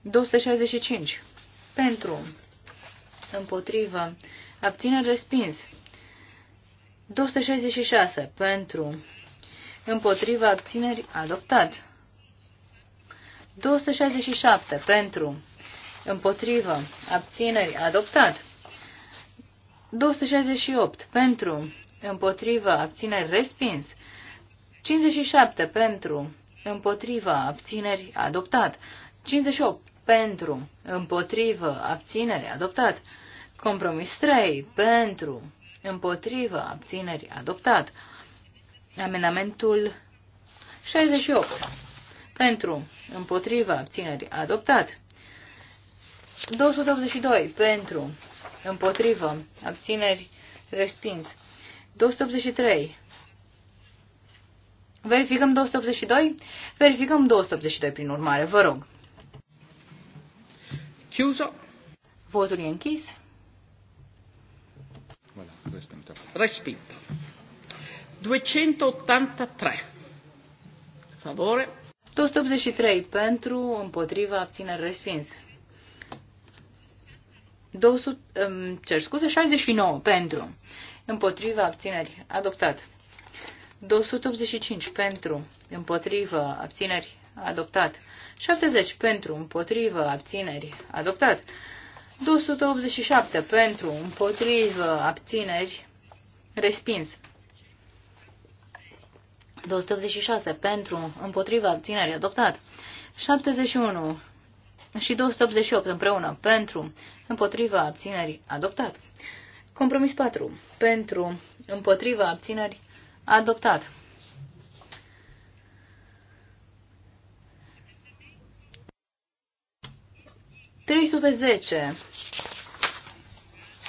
265 pentru, împotrivă, abțineri respins. 266 pentru împotriva abțineri adoptat. 267 pentru împotriva abțineri adoptat. 268 pentru împotriva abțineri respins. 57 pentru împotriva abțineri adoptat. 58 pentru împotriva abțineri adoptat. Compromis 3 pentru împotrivă, abțineri, adoptat. Amendamentul 68, pentru, împotrivă, abțineri, adoptat. 282, pentru, împotrivă, abțineri, respins. 283, Verificăm 282? Verificăm 282 prin urmare, vă rog. Chiuso. Votul e închis. Respinto. Respinto. 283. Favore. 283 pentru, împotriva, abțineri respins. 200, um, cer scuze, 69 pentru, împotriva, abțineri adoptat. 285 pentru, împotriva, abțineri, adoptat. 70 pentru, împotriva, abțineri, adoptat. 287 pentru, împotrivă, abțineri, respins. 286 pentru, împotrivă, abțineri, adoptat. 71 și 288 împreună pentru, împotriva abțineri, adoptat. Compromis 4. Pentru, împotriva abțineri, adoptat. 310.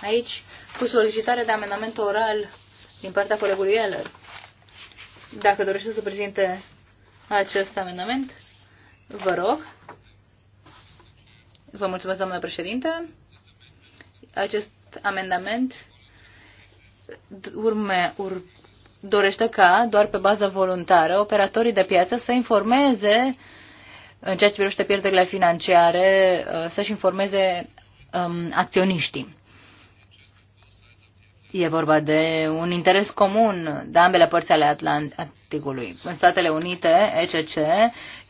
Aici, cu solicitare de amendament oral din partea colegului Eller. Dacă dorește să prezinte acest amendament, vă rog. Vă mulțumesc, doamnă președinte. Acest amendament urme, ur, dorește ca, doar pe bază voluntară, operatorii de piață să informeze uh, în ceea ce privește pierderile financiare, uh, să-și informeze um, acționiștii. E vorba de un interes comun de ambele părți ale Atlanticului. În Statele Unite, ECC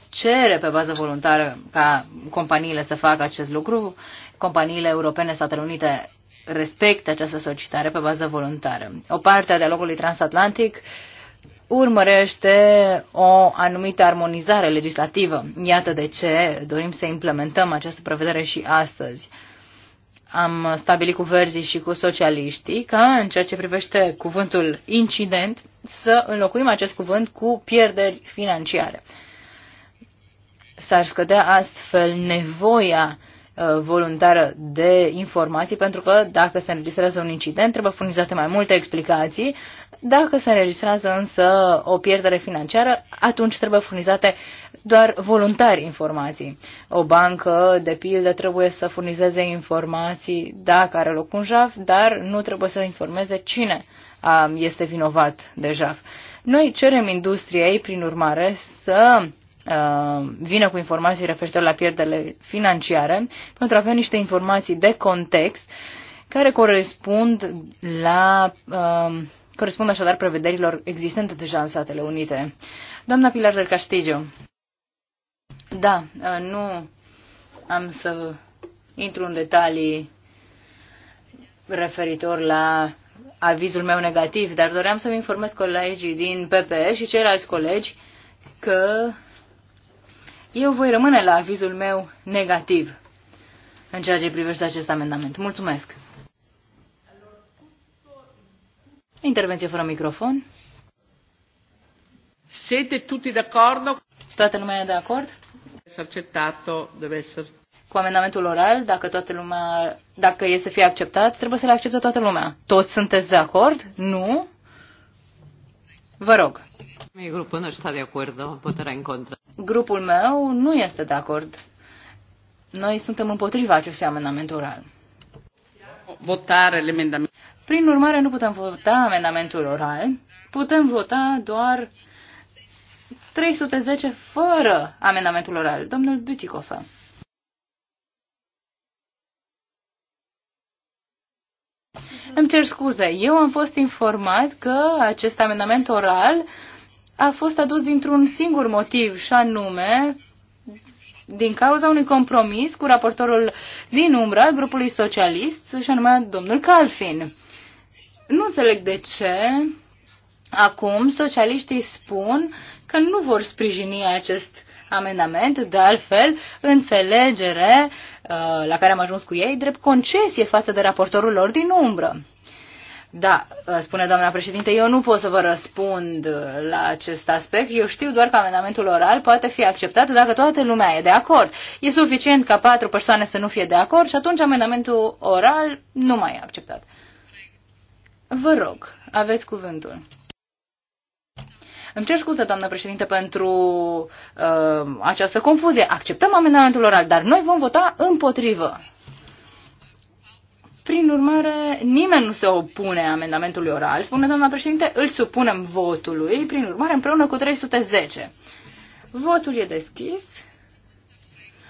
cere pe bază voluntară ca companiile să facă acest lucru. Companiile europene, Statele Unite respectă această solicitare pe bază voluntară. O parte a dialogului transatlantic uh, urmărește o anumită armonizare legislativă. Iată de ce dorim să implementăm această prevedere și astăzi. Am stabilit cu verzii și cu socialiștii că în ceea ce privește cuvântul incident, să înlocuim acest cuvânt cu pierderi financiare. S-ar scădea astfel nevoia uh, voluntară de informații, pentru că dacă se înregistrează un incident, trebuie furnizate mai multe explicații, dacă se înregistrează însă o pierdere financiară, atunci trebuie furnizate doar voluntari informații. O bancă, de pildă, trebuie să furnizeze informații dacă are loc un jaf, dar nu trebuie să informeze cine este vinovat de jaf. Noi cerem industriei, prin urmare, să vină cu informații referitor la pierderile financiare pentru a avea niște informații de context care corespund la uh, corespund așadar prevederilor existente deja în Statele Unite. Doamna Pilar del Castillo, da, uh, nu am să intru în detalii referitor la avizul meu negativ, dar doream să-mi informez colegii din PPE și ceilalți colegi că eu voi rămâne la avizul meu negativ în ceea ce privește acest amendament. Mulțumesc! Intervenție fără microfon. Siete tutti d'accordo? Toată lumea e de acord? Accettato deve essere cu amendamentul oral, dacă toată lumea, dacă e să fie acceptat, trebuie să le accepte toată lumea. Toți sunteți de acord? Nu? Vă rog. Grupul nu este de acord, puterea în contra. Grupul meu nu este de acord. Noi suntem împotriva acestui amendament oral. Votare amendament. Prin urmare, nu putem vota amendamentul oral, putem vota doar 310 fără amendamentul oral. Domnul Buticofa. Îmi cer scuze, eu am fost informat că acest amendament oral a fost adus dintr-un singur motiv, și anume din cauza unui compromis cu raportorul din umbră al grupului socialist, și anume domnul Calfin. Nu înțeleg de ce acum socialiștii spun că nu vor sprijini acest amendament, de altfel înțelegere uh, la care am ajuns cu ei drept concesie față de raportorul lor din umbră. Da, uh, spune doamna președinte, eu nu pot să vă răspund uh, la acest aspect. Eu știu doar că amendamentul oral poate fi acceptat dacă toată lumea e de acord. E suficient ca patru persoane să nu fie de acord și atunci amendamentul oral nu mai e acceptat. Vă rog, aveți cuvântul. Îmi cer scuze, doamnă președinte, pentru uh, această confuzie. Acceptăm amendamentul oral, dar noi vom vota împotrivă. Prin urmare, nimeni nu se opune amendamentului oral. Spune doamna președinte, îl supunem votului, prin urmare, împreună cu 310. Votul e deschis.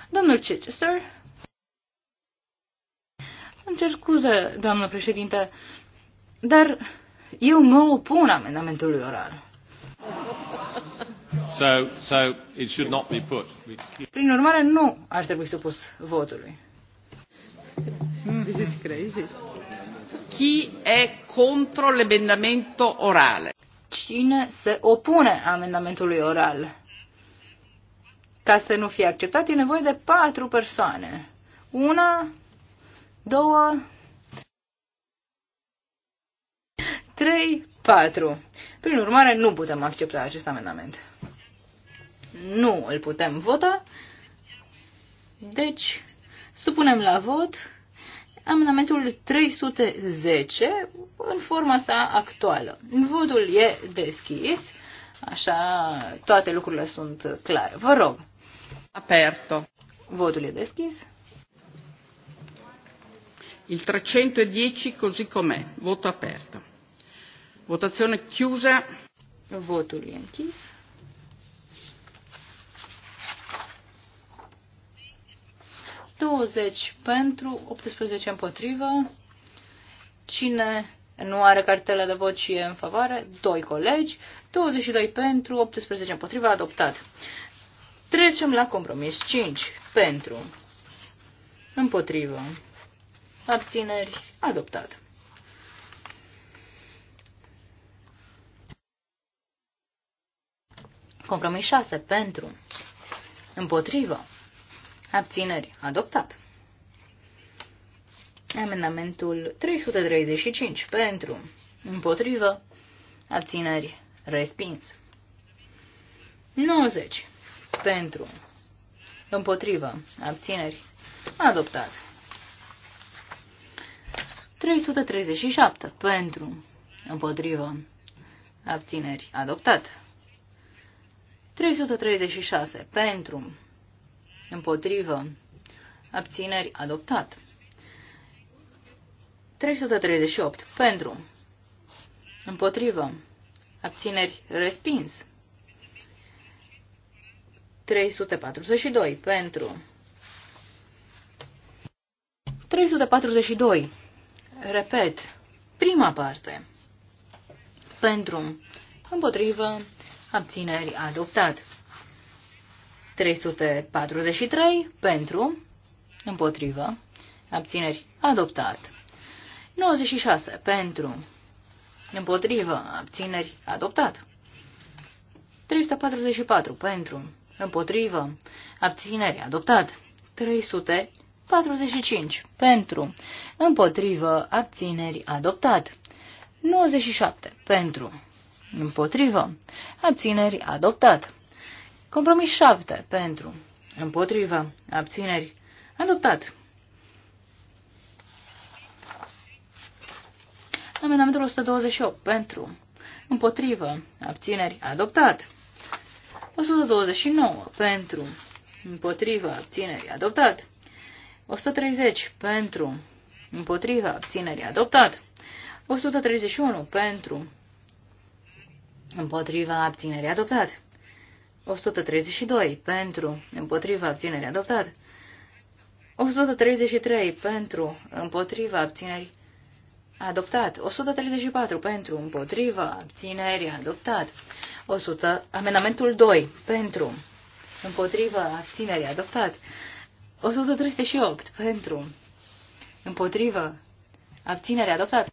Domnul Chichester. Îmi cer scuze, doamnă președinte. Dar eu mă opun amendamentului oral. So, so it should not be put. Prin urmare, nu aș trebui supus votului. This is crazy. Chi e contro l'emendamento orale? Cine se opune amendamentului oral? Ca să nu fie acceptat, e nevoie de patru persoane. Una, două, 3, 4. Prin urmare, nu putem accepta acest amendament. Nu îl putem vota. Deci, supunem la vot amendamentul 310 în forma sa actuală. Votul e deschis, așa toate lucrurile sunt clare. Vă rog. Aperto. Votul e deschis. Il 310 così com'è. Voto aperto. Votazione chiusa. Votul e închis. Douăzeci pentru, 18 împotrivă. Cine nu are cartela de vot și e în favoare? Doi colegi. 22 pentru, 18 împotrivă, adoptat. Trecem la compromis. 5 pentru, împotrivă, abțineri, adoptat. Compromis 6 pentru. Împotrivă. Abțineri. Adoptat. Amendamentul 335 pentru. Împotrivă. Abțineri. Respins. 90 pentru. Împotrivă. Abțineri. Adoptat. 337 pentru. Împotrivă. Abțineri. Adoptat. 336 pentru, împotrivă, abțineri adoptat. 338 pentru, împotrivă, abțineri respins. 342 pentru. 342. Repet, prima parte. Pentru, împotrivă, abțineri adoptat. 343 pentru, împotrivă, abțineri adoptat. 96 pentru, împotrivă, abțineri adoptat. 344 pentru, împotrivă, abțineri adoptat. 345 pentru, împotrivă, abțineri adoptat. 97 pentru, Împotrivă. Abțineri adoptat. Compromis 7 pentru. Împotrivă. Abțineri adoptat. Amendamentul 128 pentru. Împotrivă. Abțineri adoptat. 129 pentru. Împotrivă. Abțineri adoptat. 130 pentru. Împotrivă. Abțineri adoptat. 131 pentru împotriva abținerii adoptat. 132 pentru, împotriva abținerii adoptat. 133 pentru, împotriva abținerii adoptat. 134 pentru, împotriva abținerii adoptat. 100, amendamentul 2 pentru, împotriva abținerii adoptat. 138 pentru, împotriva abținerii adoptat.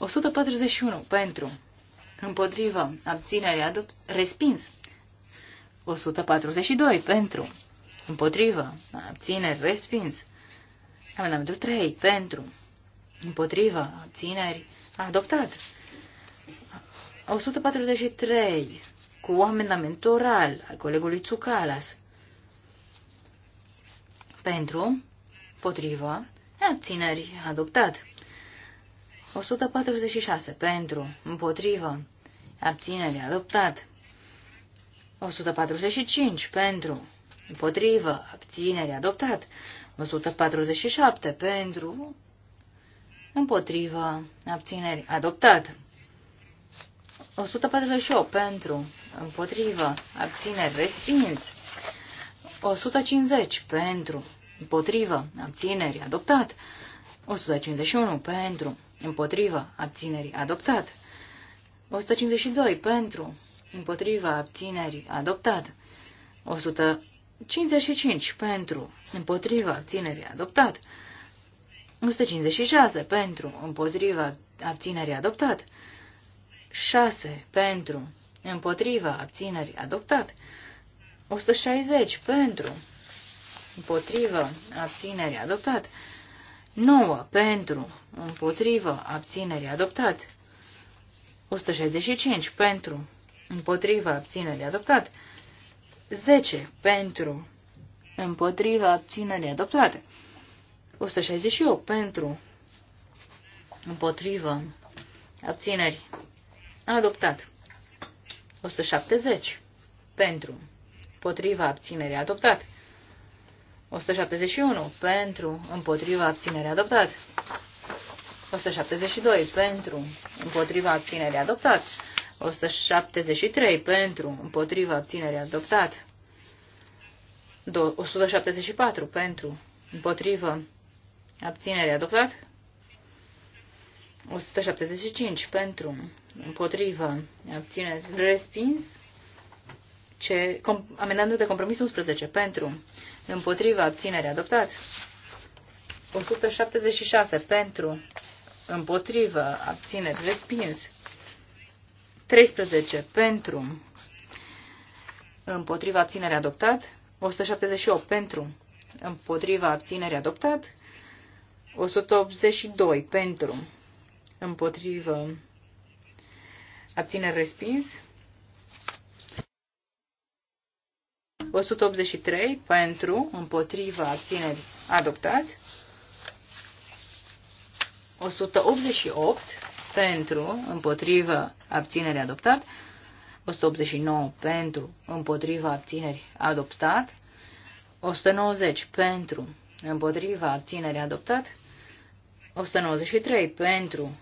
141 pentru, împotrivă, abținere, adopt, respins. 142 pentru, împotrivă, abțineri, respins. Amendamentul 3 pentru, împotrivă, abțineri, Adoptați. 143 cu amendament oral al colegului Tsukalas. Pentru, potrivă, abțineri, adoptat. 146 pentru, împotrivă, abținere adoptat. 145 pentru, împotrivă, abținere adoptat. 147 pentru, împotrivă, abținere, adoptat. 148 pentru, împotrivă, abținere, respins. 150 pentru, împotrivă, abținere, adoptat. 151 pentru, împotriva abținerii adoptat. 152 pentru, împotriva abținerii adoptat. 155 pentru, împotriva abținerii adoptat. 156 pentru, împotriva abținerii adoptat. 6 pentru, împotriva abținerii adoptat. 160 pentru, împotriva abținerii adoptat. 9 pentru, împotrivă, abținere, adoptat. 165 pentru, împotrivă, abținere, adoptat. 10 pentru, împotrivă, abținere, adoptate. 168 pentru, împotrivă, abțineri, adoptat. 170 pentru, împotriva abținere, adoptat. 171 pentru, împotriva abținerii adoptat. 172 pentru, împotriva abținerii adoptat. 173 pentru, împotriva abținerii adoptat. 174 pentru, Împotriva abținerii adoptat. 175 pentru, Împotriva abținerii respins. Ce, com, amendamentul de compromis 11 pentru, împotriva abținere adoptat. 176 pentru împotrivă abținere respins. 13 pentru împotriva abținere adoptat. 178 pentru împotriva abținere adoptat. 182 pentru împotrivă abținere respins. 183 pentru, împotriva, abțineri, adoptat. 188 pentru, împotriva, abțineri, adoptat. 189 pentru, împotriva, abțineri, adoptat. 190 pentru, împotriva, abțineri, adoptat. 193 pentru,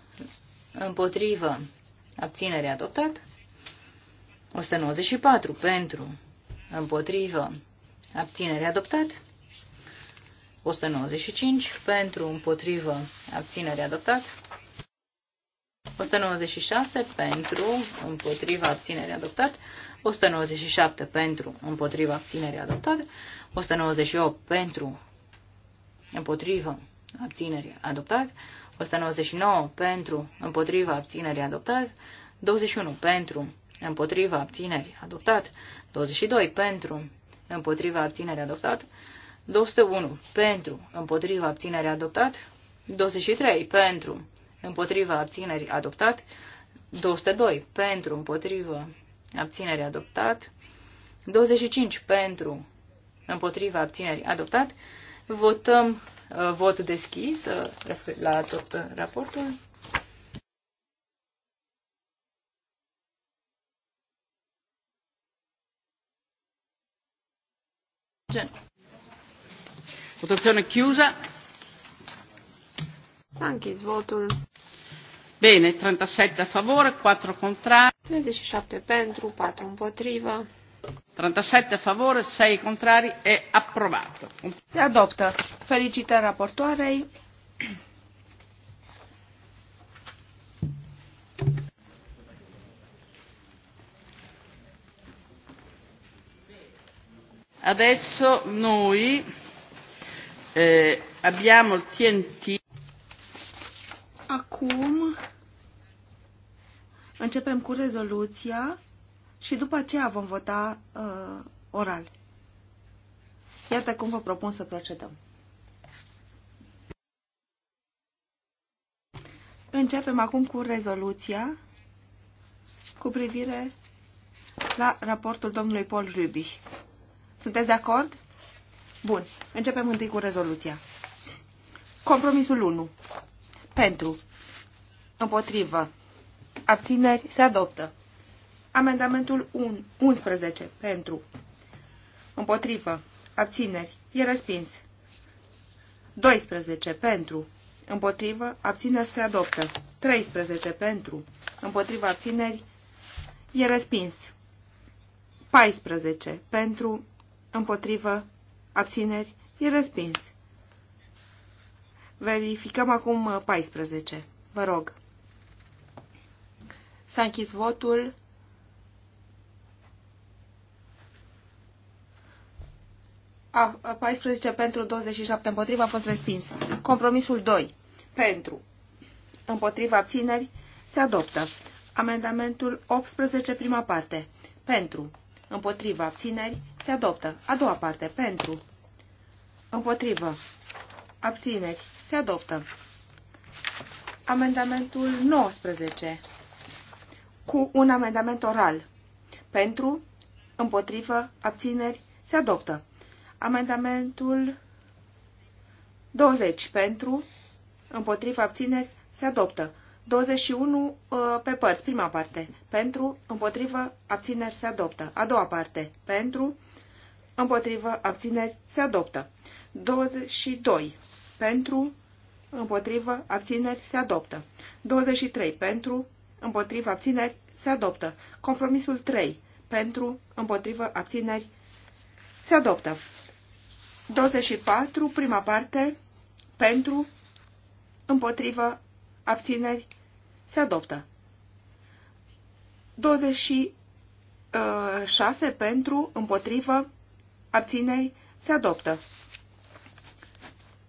împotriva, abținere adoptat. 194 pentru, împotrivă, abținere adoptat. 195 pentru, împotrivă, abținere adoptat. 196 pentru, împotriva abținere adoptat, 197 pentru, împotriva abținere adoptat, 198 pentru, împotriva abținere adoptat, 199 pentru, împotriva abținere adoptat, 21 pentru, împotriva abțineri adoptat, 22 pentru împotriva abținerii adoptat, 201 pentru împotriva abținerii adoptat, 23 pentru împotriva abțineri adoptat, 202 pentru împotriva abținerii adoptat, 25 pentru împotriva abținerii adoptat. Votăm uh, vot deschis uh, la tot uh, raportul. Votazione chiusa. S-a închis votul. Bine, 37 a favore, 4 contrari. 37 pentru, 4 împotrivă. 37 a favore, 6 contrari e approvato. Se adoptă. Felicitări raportoarei. Adesso noi eh, abbiamo il TNT. Acum începem cu rezoluția și după aceea vom vota uh, oral. Iată cum vă propun să procedăm. Începem acum cu rezoluția cu privire la raportul domnului Paul Rubich. Sunteți de acord? Bun. Începem întâi cu rezoluția. Compromisul 1. Pentru. Împotrivă. Abțineri. Se adoptă. Amendamentul 1, 11. Pentru. Împotrivă. Abțineri. E respins. 12. Pentru. Împotrivă. Abțineri. Se adoptă. 13. Pentru. Împotrivă. Abțineri. E respins. 14. Pentru împotrivă, abțineri, e respins. Verificăm acum 14. Uh, Vă rog. S-a închis votul. A, 14 pentru, 27 împotriva a fost respins. Compromisul 2. Pentru. Împotriva abțineri se adoptă. Amendamentul 18, prima parte. Pentru. Împotriva abțineri se adoptă. A doua parte, pentru, împotrivă, abțineri, se adoptă. Amendamentul 19, cu un amendament oral, pentru, împotrivă, abțineri, se adoptă. Amendamentul 20, pentru, împotrivă, abțineri, se adoptă. 21 uh, pe părți, prima parte. Pentru, împotrivă, abțineri se adoptă. A doua parte. Pentru, împotrivă, abțineri, se adoptă. 22 pentru, împotrivă, abțineri, se adoptă. 23 pentru, împotrivă, abțineri, se adoptă. Compromisul 3 pentru, împotrivă, abțineri, se adoptă. 24, prima parte, pentru, împotrivă, abțineri, se adoptă. 26 uh, pentru, împotrivă, Abțineri se adoptă.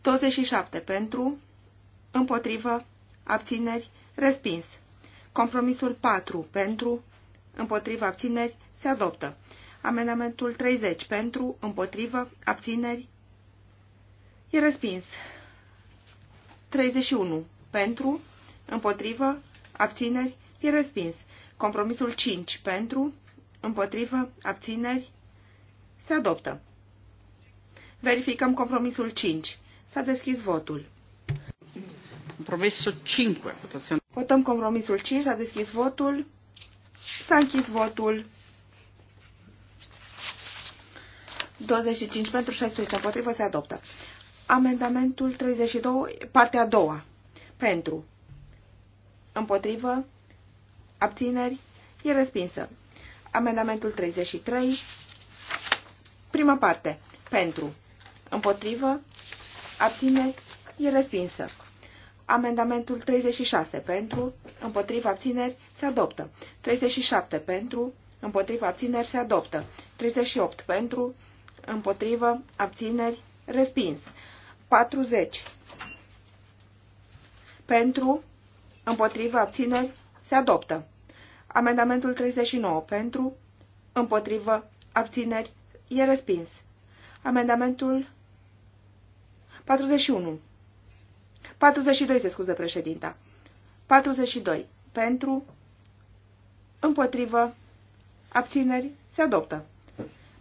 27 pentru, împotrivă, abțineri, respins. Compromisul 4 pentru, împotrivă, abțineri, se adoptă. Amendamentul 30 pentru, împotrivă, abțineri, e respins. 31 pentru, împotrivă, abțineri, e respins. Compromisul 5 pentru, împotrivă, abțineri, se adoptă. Verificăm compromisul 5. S-a deschis votul. Compromisul 5. Votăm compromisul 5. S-a deschis votul. S-a închis votul. 25 pentru 16 împotrivă se adoptă. Amendamentul 32, partea a doua. Pentru. Împotrivă. Abțineri. E respinsă. Amendamentul 33 Prima parte. Pentru. Împotrivă. Abține. E respinsă. Amendamentul 36 pentru, împotriva abțineri, se adoptă. 37 pentru, împotriva abțineri, se adoptă. 38 pentru, împotriva abțineri, respins. 40 pentru, împotriva abțineri, se adoptă. Amendamentul 39 pentru, împotriva abțineri, E respins. Amendamentul 41. 42 se scuze președinta. 42. Pentru, împotrivă, abțineri, se adoptă.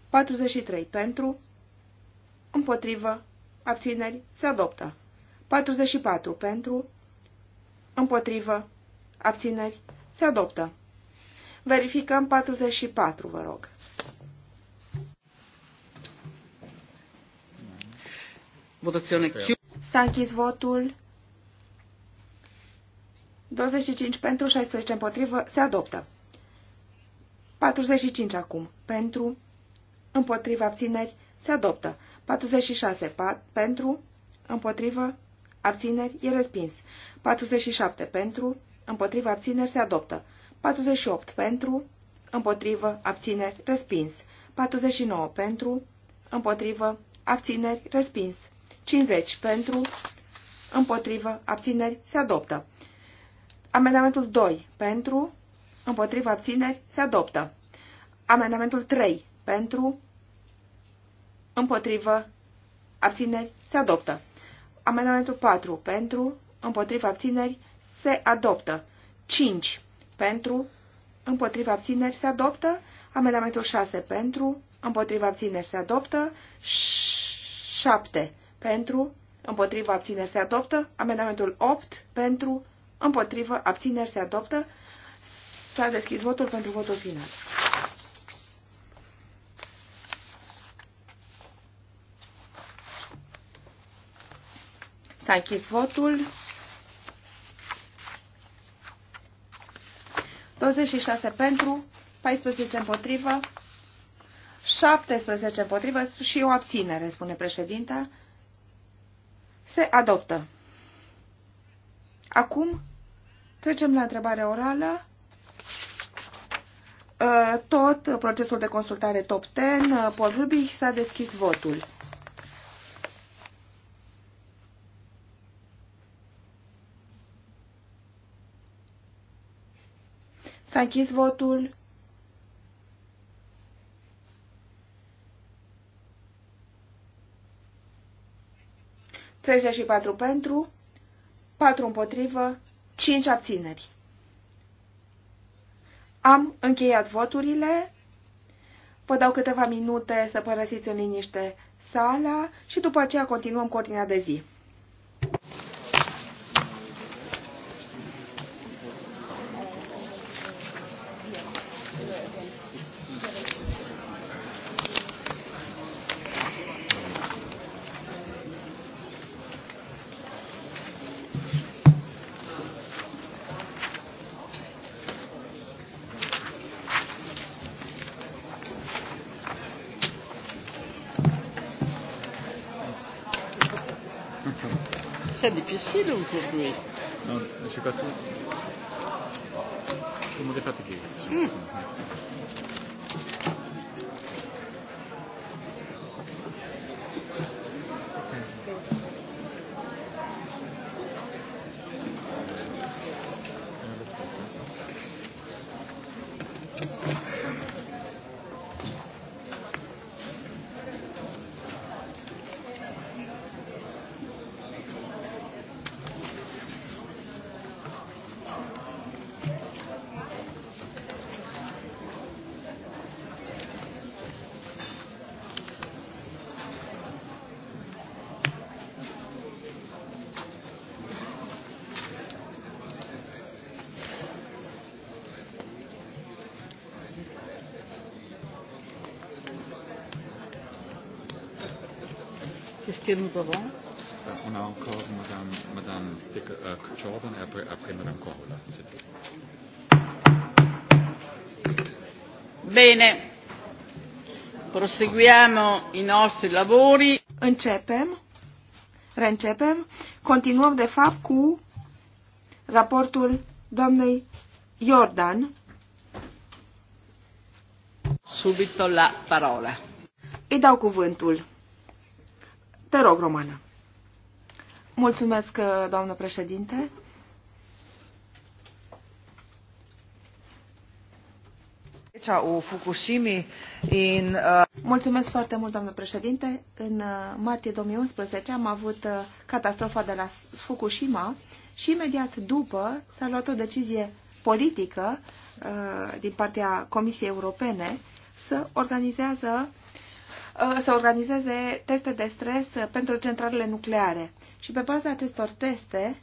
43. Pentru, împotrivă, abțineri, se adoptă. 44. Pentru, împotrivă, abțineri, se adoptă. Verificăm 44, vă rog. Votazione chiusa. S-a închis votul. 25 pentru, 16 împotrivă. Se adoptă. 45 acum. Pentru, împotrivă, abțineri. Se adoptă. 46 pa, pentru, împotrivă, abțineri. E respins. 47 pentru, împotrivă, abțineri. Se adoptă. 48 pentru, împotrivă, abțineri. Respins. 49 pentru, împotrivă, abțineri. Respins. 50 pentru, împotrivă, abțineri, se adoptă. Amendamentul 2 pentru, împotrivă, abțineri, se adoptă. Amendamentul 3 pentru, împotrivă, abțineri, se adoptă. Amendamentul 4 pentru, împotrivă, abțineri, se adoptă. 5 pentru, împotriva abțineri se adoptă, amendamentul 6 pentru, împotriva abțineri se adoptă, 7 pentru, împotrivă, abțineri se adoptă. Amendamentul 8 pentru, împotrivă, abțineri se adoptă. S-a deschis votul pentru votul final. S-a închis votul. 26 pentru, 14 împotrivă, 17 împotrivă și o abținere, spune președinta. Se adoptă. Acum trecem la întrebarea orală. Uh, tot procesul de consultare top 10, uh, Paul Rubic s-a deschis votul. S-a închis votul. 34 pentru, 4 împotrivă, 5 abțineri. Am încheiat voturile. Vă dau câteva minute să părăsiți în liniște sala și după aceea continuăm cu ordinea de zi. difficile aujourd'hui. Non, je sais pas tout. Tout le monde est fatigué. Mm. Thank you. que nous avons On a encore Madame, Madame äh, Jordan et er après, après er Madame Corolla. Bine. Proseguiamo i nostri lavori. Începem. Reîncepem. Continuăm, de fapt, cu raportul doamnei Jordan. Subito la parola. Îi dau cuvântul. Te rog, Romana. Mulțumesc, doamnă președinte. Deci, uh, Mulțumesc foarte mult, doamnă președinte. În uh, martie 2011 am avut uh, catastrofa de la Fukushima și imediat după s-a luat o decizie politică din partea Comisiei Europene să organizează Uh, să organizeze teste de stres uh, pentru centralele nucleare și pe baza acestor teste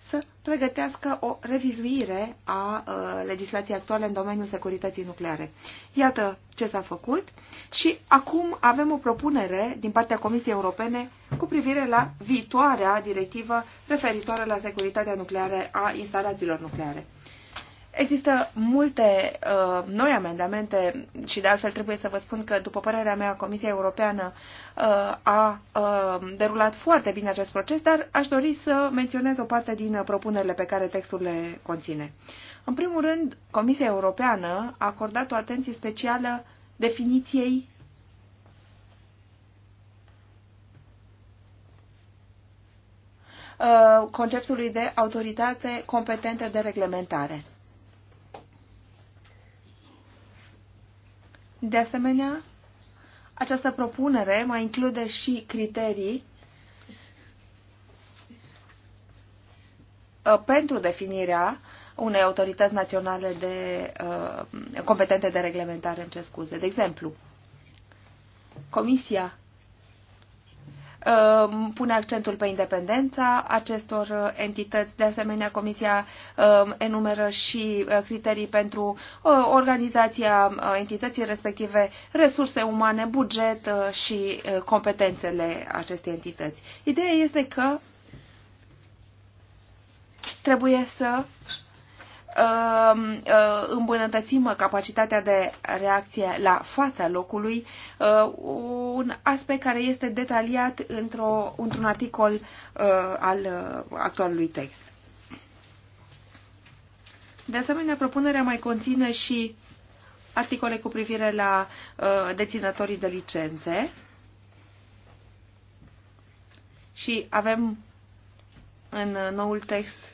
să pregătească o revizuire a uh, legislației actuale în domeniul securității nucleare. Iată ce s-a făcut și acum avem o propunere din partea Comisiei Europene cu privire la viitoarea directivă referitoare la securitatea nucleară a instalațiilor nucleare. Există multe uh, noi amendamente și de altfel trebuie să vă spun că, după părerea mea, Comisia Europeană uh, a uh, derulat foarte bine acest proces, dar aș dori să menționez o parte din propunerile pe care textul le conține. În primul rând, Comisia Europeană a acordat o atenție specială definiției uh, conceptului de autoritate competentă de reglementare. De asemenea, această propunere mai include și criterii uh, pentru definirea unei autorități naționale de, uh, competente de reglementare, îmi ce scuze. De exemplu, Comisia Uh, pune accentul pe independența acestor uh, entități. De asemenea, Comisia uh, enumeră și criterii pentru organizația entității respective, resurse umane, buget și competențele acestei entități. Ideea este că trebuie să Um, uh, îmbunătățim capacitatea de reacție la fața locului, uh, un aspect care este detaliat într-un într articol uh, al actualului text. De asemenea, propunerea mai conține și articole cu privire la deținătorii de licențe și avem în noul text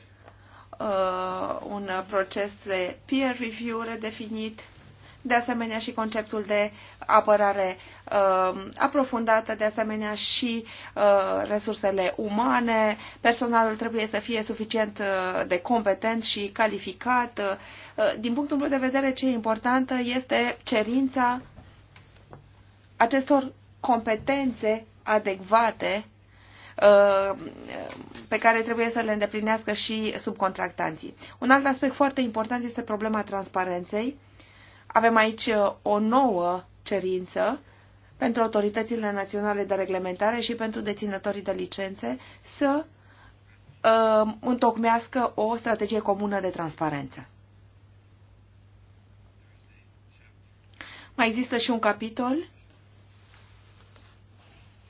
uh, un proces de peer review redefinit, de asemenea și conceptul de apărare uh, aprofundată, de asemenea și uh, resursele umane. Personalul trebuie să fie suficient uh, de competent și calificat. Uh, din punctul meu de vedere, ce e important este cerința acestor competențe adecvate Uh, pe care trebuie să le îndeplinească și subcontractanții. Un alt aspect foarte important este problema transparenței. Avem aici uh, o nouă cerință pentru autoritățile naționale de reglementare și pentru deținătorii de licențe să uh, întocmească o strategie comună de transparență. Mai există și un capitol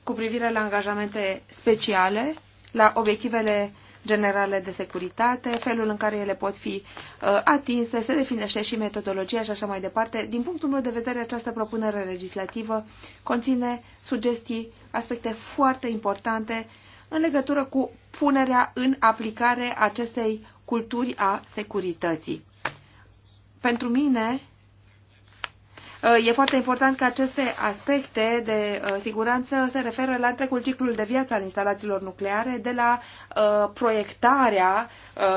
cu privire la angajamente speciale, la obiectivele generale de securitate, felul în care ele pot fi uh, atinse, se definește și metodologia și așa mai departe. Din punctul meu de vedere, această propunere legislativă conține sugestii, aspecte foarte importante în legătură cu punerea în aplicare acestei culturi a securității. Pentru mine, Uh, e foarte important că aceste aspecte de uh, siguranță se referă la întregul ciclul de viață al instalațiilor nucleare, de la uh, proiectarea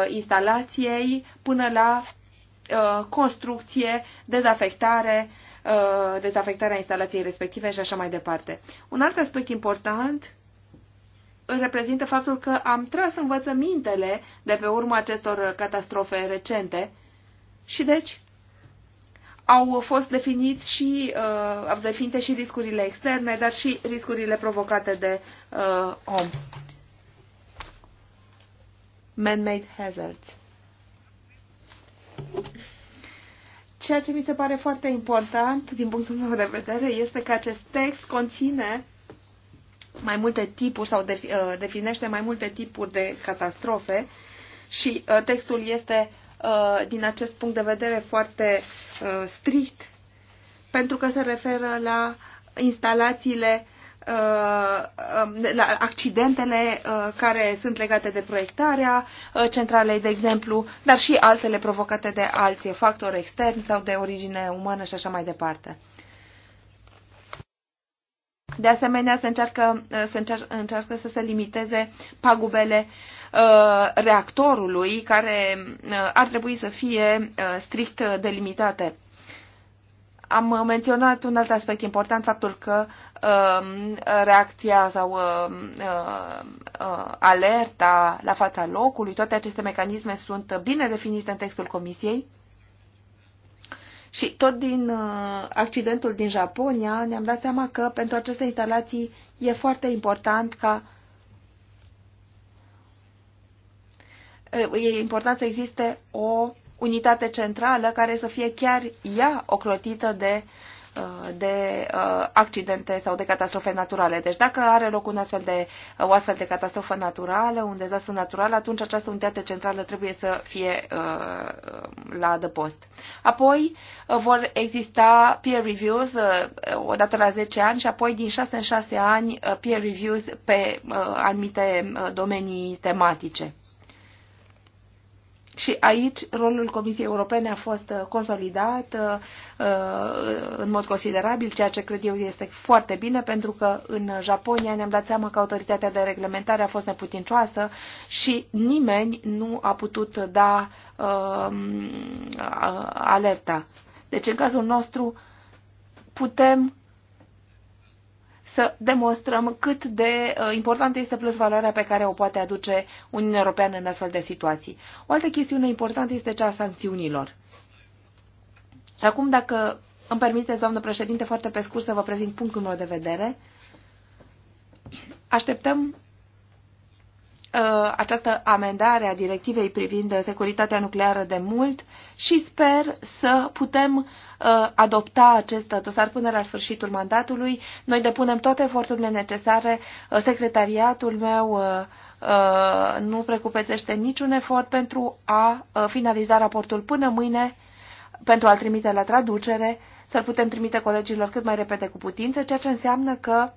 instalației până la construcție, dezafectare, dezafectarea instalației respective și așa mai departe. Un alt aspect important îl reprezintă faptul că am tras învățămintele de pe urma acestor catastrofe recente și deci au fost definiți și, uh, definite și riscurile externe, dar și riscurile provocate de uh, om. Man-made hazards. Ceea ce mi se pare foarte important, din punctul meu de vedere, este că acest text conține mai multe tipuri sau uh, definește mai multe tipuri de catastrofe și uh, textul este Uh, din acest punct de vedere foarte uh, strict, pentru că se referă la instalațiile uh, um, la accidentele care sunt legate de proiectarea centralei, de exemplu, dar și altele provocate de alți factori externi sau de origine umană și așa mai departe. De asemenea, se încearcă, se încearcă, încearcă să se limiteze pagubele Uh, reactorului care uh, ar trebui să fie uh, strict delimitate. Am menționat un alt aspect important, faptul că um, reacția sau alerta la fața locului, toate aceste mecanisme sunt bine definite în textul Comisiei. Și tot din accidentul din Japonia ne-am dat seama că pentru aceste instalații e foarte important ca e important să existe o unitate centrală care să fie chiar ea ocrotită de uh, de uh, accidente sau de catastrofe naturale. Deci dacă are loc un astfel de, uh, o astfel de catastrofă naturală, un dezastru natural, atunci această unitate centrală trebuie să fie uh, la adăpost. Apoi vor exista peer reviews uh, odată la 10 ani și apoi din 6 în 6 ani uh, peer reviews pe anumite domenii tematice. Și aici rolul Comisiei Europene a fost uh, consolidat uh, uh, în mod considerabil, ceea ce cred eu este foarte bine, pentru că în Japonia ne-am dat seama că autoritatea de reglementare a fost neputincioasă și nimeni nu a putut da um, alerta. Deci, în cazul nostru, putem să demonstrăm cât de uh, importantă este plus valoarea pe care o poate aduce Uniunea Europeană în astfel de situații. O altă chestiune importantă este cea a sancțiunilor. Și acum, dacă îmi permiteți, doamnă președinte, foarte pe scurt să vă prezint punctul meu de vedere. Așteptăm Uh, această amendare a directivei privind securitatea nucleară de mult și sper să putem uh, adopta acest dosar până la sfârșitul mandatului. Noi depunem toate eforturile necesare. Uh, secretariatul meu nu precupețește niciun efort pentru a finaliza raportul până mâine, pentru a-l trimite la traducere, să-l putem trimite colegilor cât mai repede cu putință, ceea ce înseamnă că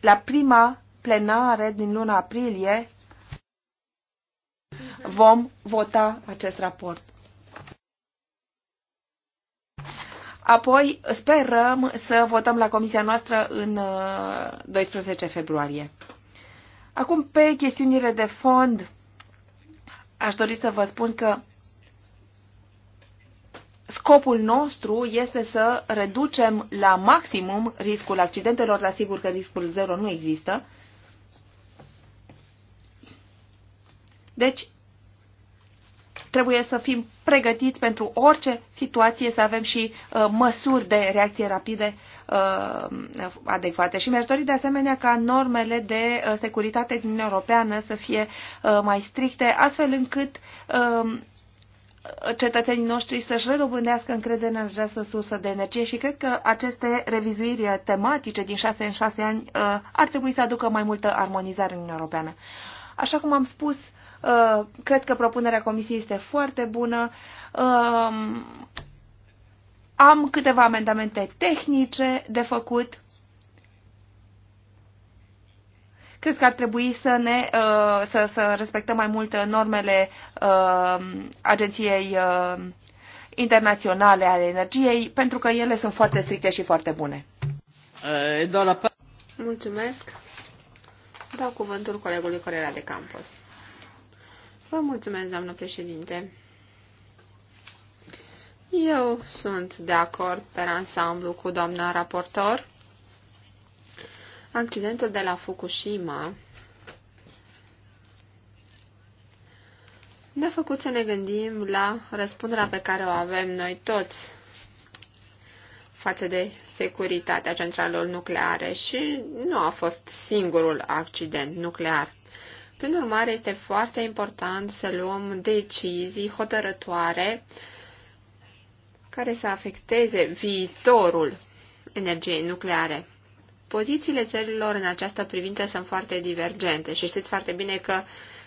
la prima plenare din luna aprilie vom vota acest raport. Apoi sperăm să votăm la comisia noastră în 12 uh, februarie. Acum, pe chestiunile de fond, aș dori să vă spun că scopul nostru este să reducem la maximum riscul accidentelor. La sigur că riscul zero nu există, Deci, trebuie să fim pregătiți pentru orice situație, să avem și uh, măsuri de reacție rapide uh, adecvate. Și mi-aș dori de asemenea ca normele de uh, securitate din Europeană să fie uh, mai stricte, astfel încât uh, cetățenii noștri să-și redobândească încrederea în această sursă de energie și cred că aceste revizuiri tematice din 6 în 6 ani uh, ar trebui să aducă mai multă armonizare în Uniunea Europeană. Așa cum am spus, uh, Uh, cred că propunerea comisiei este foarte bună. Um, am câteva amendamente tehnice de făcut. Cred că ar trebui să, ne, uh, să, să respectăm mai mult normele um, agenției um, internaționale ale energiei, pentru că ele sunt foarte stricte și foarte bune. Mulțumesc. Dau cuvântul colegului era de Campos. Vă mulțumesc, doamnă președinte. Eu sunt de acord pe ansamblu cu doamna raportor. Accidentul de la Fukushima ne-a făcut să ne gândim la răspunderea pe care o avem noi toți față de securitatea centralelor nucleare și nu a fost singurul accident nuclear. Prin urmare, este foarte important să luăm decizii hotărătoare care să afecteze viitorul energiei nucleare. Pozițiile țărilor în această privință sunt foarte divergente și știți foarte bine că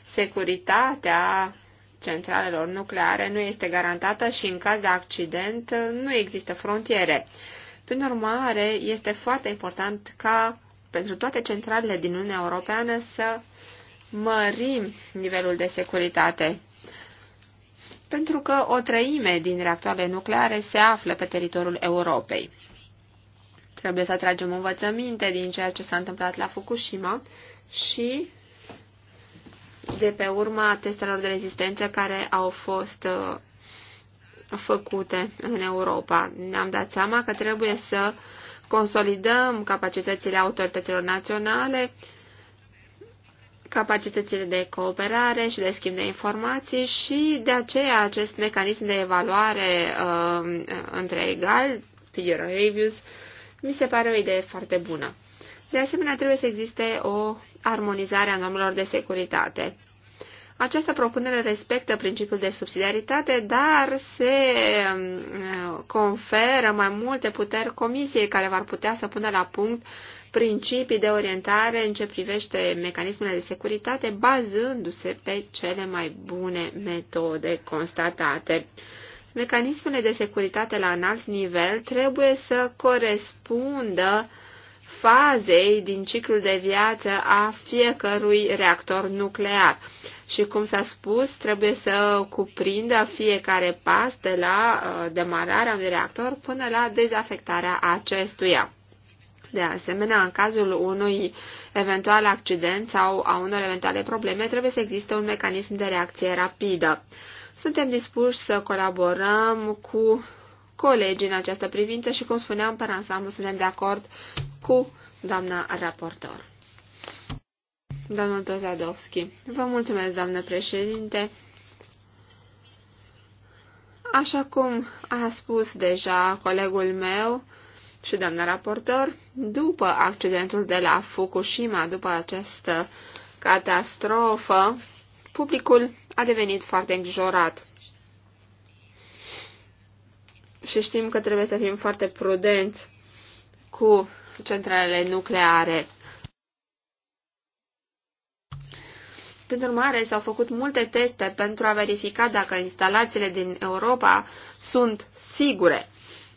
securitatea centralelor nucleare nu este garantată și în caz de accident nu există frontiere. Prin urmare, este foarte important ca pentru toate centralele din Uniunea Europeană să mărim nivelul de securitate. Pentru că o treime din reactoarele nucleare se află pe teritoriul Europei. Trebuie să tragem învățăminte din ceea ce s-a întâmplat la Fukushima și de pe urma testelor de rezistență care au fost uh, făcute în Europa. Ne-am dat seama că trebuie să consolidăm capacitățile autorităților naționale capacitățile de cooperare și de schimb de informații și de aceea acest mecanism de evaluare uh, între egal, peer reviews, mi se pare o idee foarte bună. De asemenea, trebuie să existe o armonizare a normelor de securitate. Această propunere respectă principiul de subsidiaritate, dar se um, conferă mai multe puteri comisiei care va putea să pună la punct principii de orientare în ce privește mecanismele de securitate, bazându-se pe cele mai bune metode constatate. Mecanismele de securitate la înalt nivel trebuie să corespundă fazei din ciclul de viață a fiecărui reactor nuclear. Și cum s-a spus, trebuie să cuprindă fiecare pas de la uh, demararea unui reactor până la dezafectarea acestuia. De asemenea, în cazul unui eventual accident sau a unor eventuale probleme, trebuie să existe un mecanism de reacție rapidă. Suntem dispuși să colaborăm cu colegii în această privință și, cum spuneam, pe ansamblu suntem de acord cu doamna raportor. Domnul Tozadovski, vă mulțumesc, doamnă președinte. Așa cum a spus deja colegul meu, și doamna raportor, după accidentul de la Fukushima, după această catastrofă, publicul a devenit foarte îngrijorat. Și știm că trebuie să fim foarte prudenți cu centralele nucleare. Prin urmare, s-au făcut multe teste pentru a verifica dacă instalațiile din Europa sunt sigure.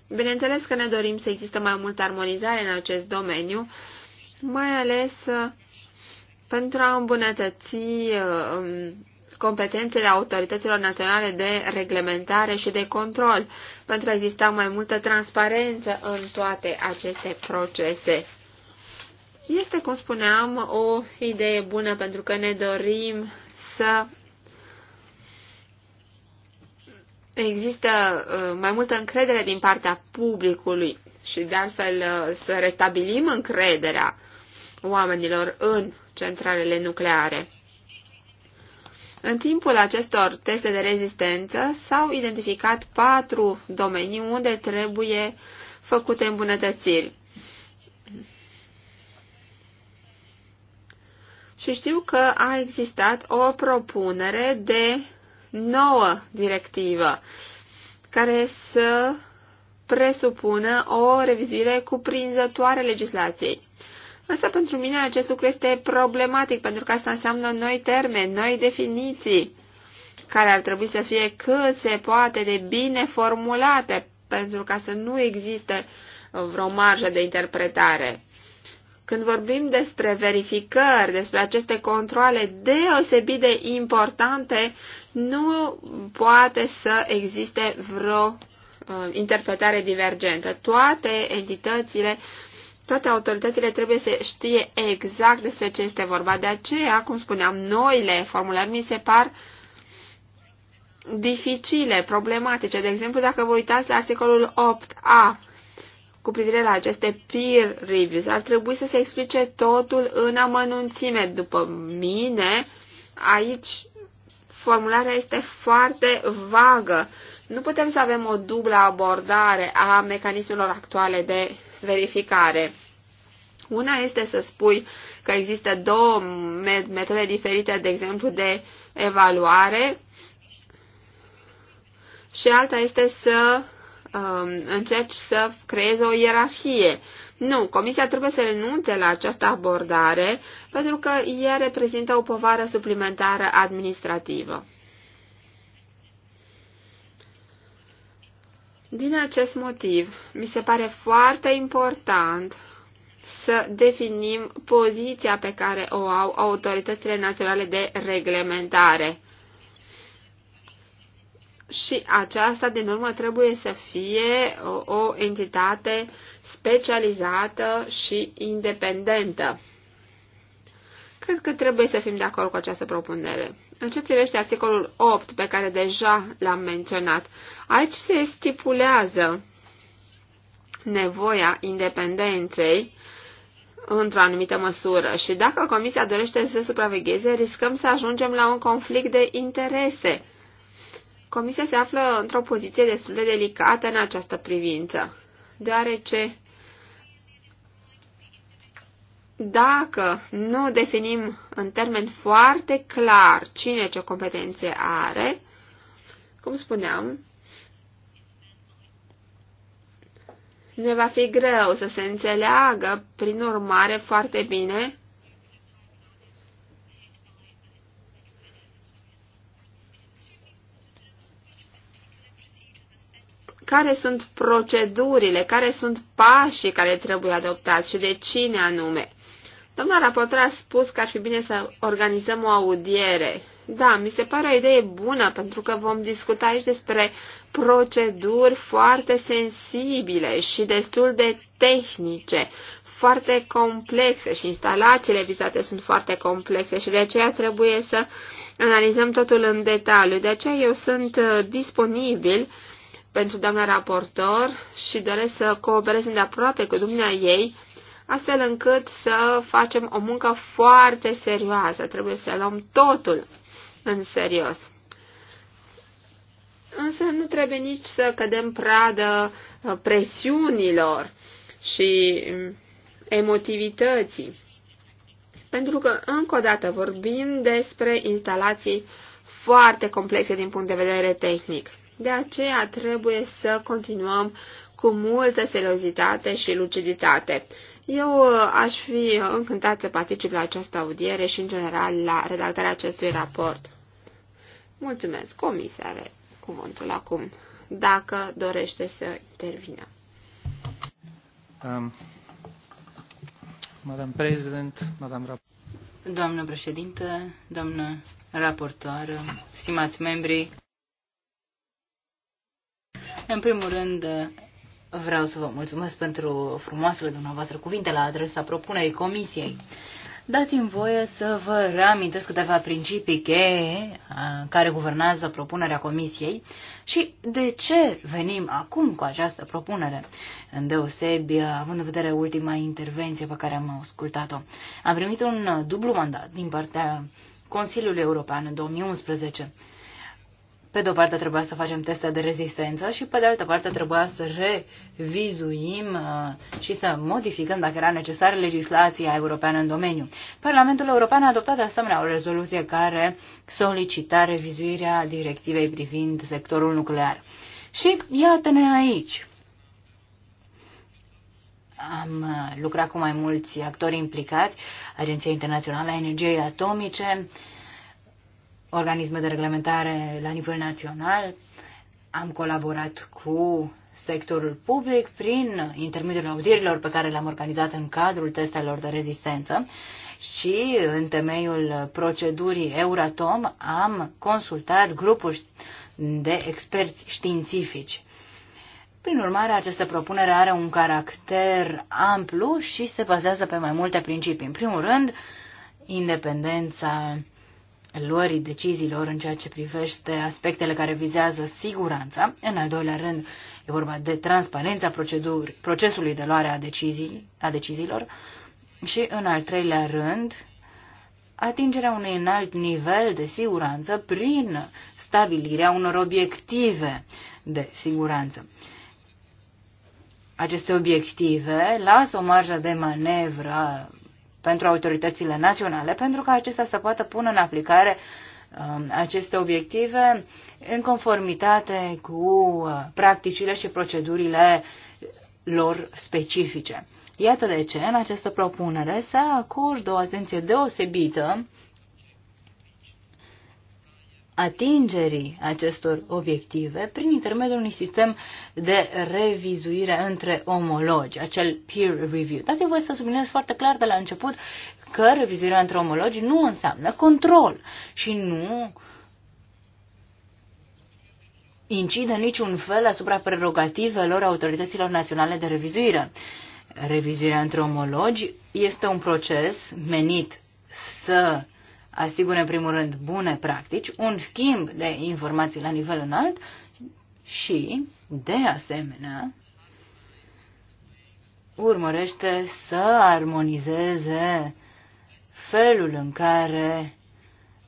Bineînțeles că ne dorim să există mai multă armonizare în acest domeniu, mai ales uh, pentru a îmbunătăți uh, um, competențele autorităților naționale de reglementare și de control, pentru a exista mai multă transparență în toate aceste procese. Este, cum spuneam, o idee bună pentru că ne dorim să există uh, mai multă încredere din partea publicului și de altfel uh, să restabilim încrederea oamenilor în centralele nucleare. În timpul acestor teste de rezistență s-au identificat patru domenii unde trebuie făcute îmbunătățiri. Și știu că a existat o propunere de nouă directivă care să presupună o revizuire cuprinzătoare legislației. Însă pentru mine acest lucru este problematic, pentru că asta înseamnă noi termeni, noi definiții, care ar trebui să fie cât se poate de bine formulate, pentru ca să nu existe vreo marjă de interpretare. Când vorbim despre verificări, despre aceste controle deosebit de importante nu poate să existe vreo uh, interpretare divergentă. Toate entitățile, toate autoritățile trebuie să știe exact despre ce este vorba. De aceea, cum spuneam, noile formulări mi se par dificile, problematice. De exemplu, dacă vă uitați la articolul 8a cu privire la aceste peer reviews, ar trebui să se explice totul în amănunțime. După mine, aici formularea este foarte vagă. Nu putem să avem o dublă abordare a mecanismelor actuale de verificare. Una este să spui că există două metode diferite, de exemplu, de evaluare și alta este să um, încerci să creezi o ierarhie nu, Comisia trebuie să renunțe la această abordare pentru că ea reprezintă o povară suplimentară administrativă. Din acest motiv, mi se pare foarte important să definim poziția pe care o au autoritățile naționale de reglementare. Și aceasta, din urmă, trebuie să fie o, o entitate specializată și independentă. Cred că trebuie să fim de acord cu această propunere. În ce privește articolul 8, pe care deja l-am menționat, aici se stipulează nevoia independenței într-o anumită măsură și dacă comisia dorește să supravegheze, riscăm să ajungem la un conflict de interese. Comisia se află într-o poziție destul de delicată în această privință, deoarece dacă nu definim în termen foarte clar cine ce competențe are, cum spuneam, ne va fi greu să se înțeleagă, prin urmare, foarte bine care sunt procedurile, care sunt pașii care trebuie adoptați și de cine anume. Doamna raportor a spus că ar fi bine să organizăm o audiere. Da, mi se pare o idee bună, pentru că vom discuta aici despre proceduri foarte sensibile și destul de tehnice, foarte complexe și instalațiile vizate sunt foarte complexe și de aceea trebuie să analizăm totul în detaliu. De aceea eu sunt uh, disponibil pentru doamna raportor și doresc să cooperez îndeaproape cu dumneavoastră ei astfel încât să facem o muncă foarte serioasă. Trebuie să luăm totul în serios. Însă nu trebuie nici să cădem pradă uh, presiunilor și um, emotivității. Pentru că, încă o dată, vorbim despre instalații foarte complexe din punct de vedere tehnic. De aceea trebuie să continuăm cu multă seriozitate și luciditate. Eu uh, aș fi încântat să particip la această audiere și, în general, la redactarea acestui raport. Mulțumesc. comisare, cuvântul acum, dacă dorește să intervină. Um, Madam President, Madam Rap Doamnă președintă, doamnă raportoară, stimați membri, în primul rând, Vreau să vă mulțumesc pentru frumoasele dumneavoastră cuvinte la adresa propunerii comisiei. Dați-mi voie să vă reamintesc câteva principii cheie care guvernează propunerea comisiei și de ce venim acum cu această propunere, În deosebi, având în vedere ultima intervenție pe care am ascultat-o. Am primit un dublu mandat din partea Consiliului European în 2011 pe de o parte trebuia să facem teste de rezistență și pe de altă parte trebuia să revizuim uh, și să modificăm, dacă era necesar, legislația europeană în domeniu. Parlamentul European a adoptat de asemenea o rezoluție care solicita revizuirea directivei privind sectorul nuclear. Și iată-ne aici. Am uh, lucrat cu mai mulți actori implicați, Agenția Internațională a Energiei Atomice, uh, organisme de reglementare la nivel național. Am colaborat cu sectorul public prin intermediul audierilor pe care le-am organizat în cadrul testelor de rezistență și în temeiul procedurii Euratom am consultat grupuri de experți științifici. Prin urmare, această propunere are un caracter amplu și se bazează pe mai multe principii. În primul rând, independența luării deciziilor în ceea ce privește aspectele care vizează siguranța. În al doilea rând, e vorba de transparența procesului de luare a, decizii, a deciziilor. Și în al treilea rând, atingerea unui înalt nivel de siguranță prin stabilirea unor obiective de siguranță. Aceste obiective lasă o marjă de manevră pentru autoritățile naționale, pentru ca acestea să poată pune în aplicare um, aceste obiective în conformitate cu uh, practicile și procedurile lor specifice. Iată de ce, în această propunere se acordă o atenție deosebită atingerii acestor obiective prin intermediul unui sistem de revizuire între omologi, acel peer review. Dați-mi voie să subliniez foarte clar de la început că revizuirea între omologi nu înseamnă control și nu incide niciun fel asupra prerogativelor autorităților naționale de revizuire. Revizuirea între omologi este un proces menit să asigură în primul rând, bune practici, un schimb de informații la nivel înalt și, de asemenea, urmărește să armonizeze felul în care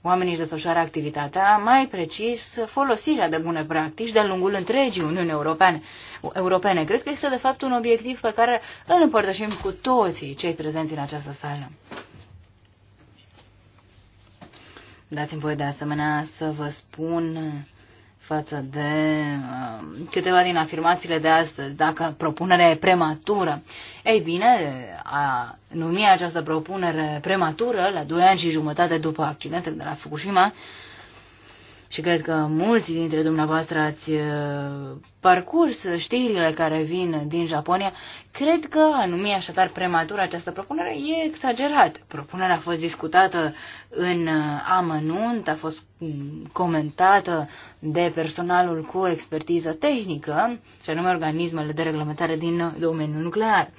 oamenii își desfășoară activitatea, mai precis folosirea de bune practici de-a lungul întregii Uniuni Europene. Europene. Cred că este, de fapt, un obiectiv pe care îl împărtășim cu toții cei prezenți în această sală. Dați-mi voi de asemenea să vă spun față de uh, câteva din afirmațiile de astăzi, dacă propunerea e prematură. Ei bine, a numi această propunere prematură, la 2 ani și jumătate după accidentul de la Fukushima, uh, și cred că mulți dintre dumneavoastră ați uh, parcurs știrile care vin din Japonia, cred că a numi așadar prematură această propunere e exagerat. Propunerea a fost discutată în uh, amănunt, a fost mm, comentată de personalul cu expertiză tehnică, și anume organismele de reglementare din domeniul nuclear.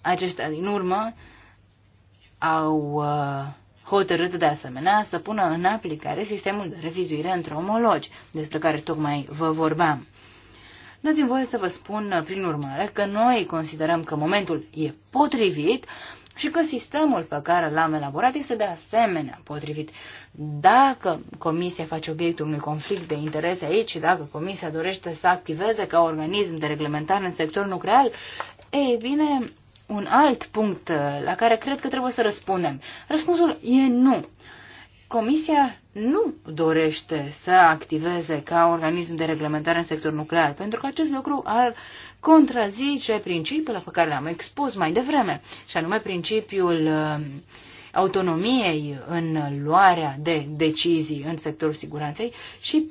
Aceștia, din urmă, au uh, hotărât de asemenea să pună în aplicare sistemul de revizuire între omologi, despre care tocmai vă vorbeam. Dați-mi voie să vă spun, prin urmare, că noi considerăm că momentul e potrivit și că sistemul pe care l-am elaborat este de asemenea potrivit. Dacă comisia face obiectul unui conflict de interese aici și dacă comisia dorește să activeze ca organism de reglementare în sectorul nuclear, ei bine, un alt punct uh, la care cred că trebuie să răspundem. Răspunsul e nu. Comisia nu dorește să activeze ca organism de reglementare în sector nuclear, pentru că acest lucru ar contrazice principiul pe care l am expus mai devreme, și anume principiul uh, autonomiei în luarea de decizii în sectorul siguranței și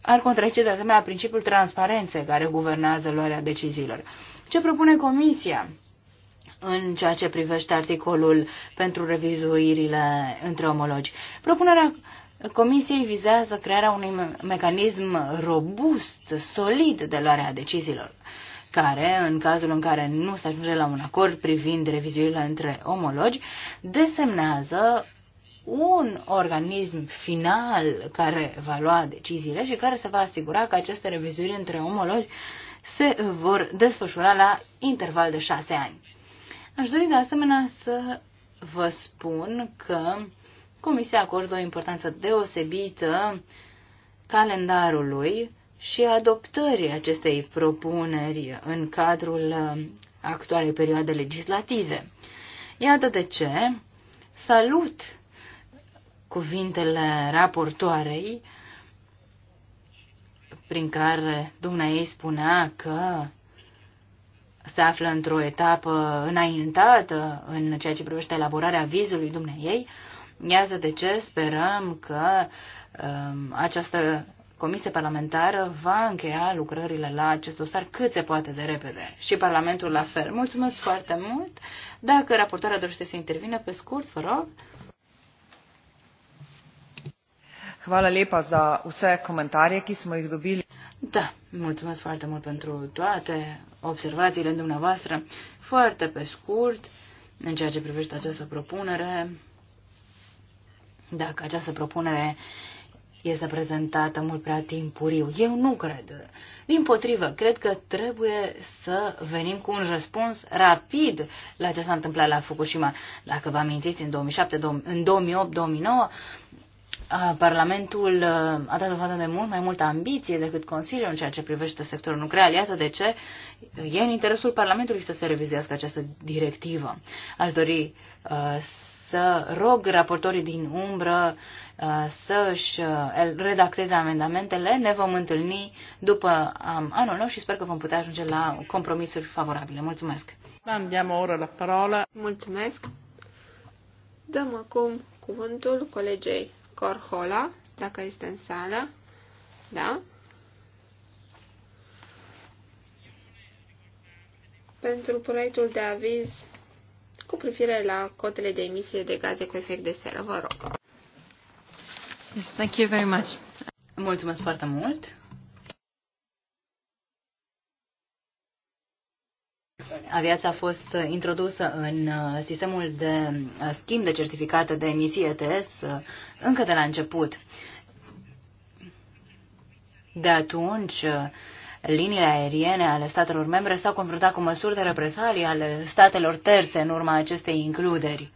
ar contrazice de asemenea principiul transparenței care guvernează luarea deciziilor. Ce propune Comisia? în ceea ce privește articolul pentru revizuirile între omologi. Propunerea Comisiei vizează crearea unui mecanism robust, solid de luare a deciziilor, care, în cazul în care nu se ajunge la un acord privind revizuirile între omologi, desemnează un organism final care va lua deciziile și care se va asigura că aceste revizuiri între omologi se vor desfășura la interval de șase ani. Aș dori de asemenea să vă spun că Comisia acordă o importanță deosebită calendarului și adoptării acestei propuneri în cadrul uh, actualei perioade legislative. Iată de ce salut cuvintele raportoarei prin care dumneai spunea că se află într-o etapă înaintată în ceea ce privește elaborarea vizului dumneiei. Iată de ce sperăm că um, această comisie parlamentară va încheia lucrările la acest dosar cât se poate de repede. Și Parlamentul la fel. Mulțumesc foarte mult. Dacă raportoarea dorește să intervină pe scurt, vă rog. Hvala lepa za vse komentarje, ki smo jih dobili. Da, mulțumesc foarte mult pentru toate observațiile dumneavoastră. Foarte pe scurt, în ceea ce privește această propunere, dacă această propunere este prezentată mult prea timpuriu. Eu nu cred. Din potrivă, cred că trebuie să venim cu un răspuns rapid la ce s-a întâmplat la Fukushima. Dacă vă amintiți, în 2007, în 2008, 2009, Parlamentul a dat dovadă de mult mai multă ambiție decât Consiliul în ceea ce privește sectorul nuclear. Iată de ce e în interesul Parlamentului să se revizuiască această directivă. Aș dori să rog raportorii din umbră să-și redacteze amendamentele. Ne vom întâlni după anul nou și sper că vom putea ajunge la compromisuri favorabile. Mulțumesc! Andiamo la parola. Mulțumesc! Dăm acum cuvântul colegei Corhola, dacă este în sală. Da? Pentru proiectul de aviz cu privire la cotele de emisie de gaze cu efect de seră. Vă rog. Yes, thank you very much. Mulțumesc foarte mult. Aviația a fost uh, introdusă în uh, sistemul de uh, schimb de certificate de emisii ETS încă de la început. De atunci, liniile aeriene ale statelor membre s-au confruntat cu măsuri de represalii ale statelor terțe în urma acestei includeri.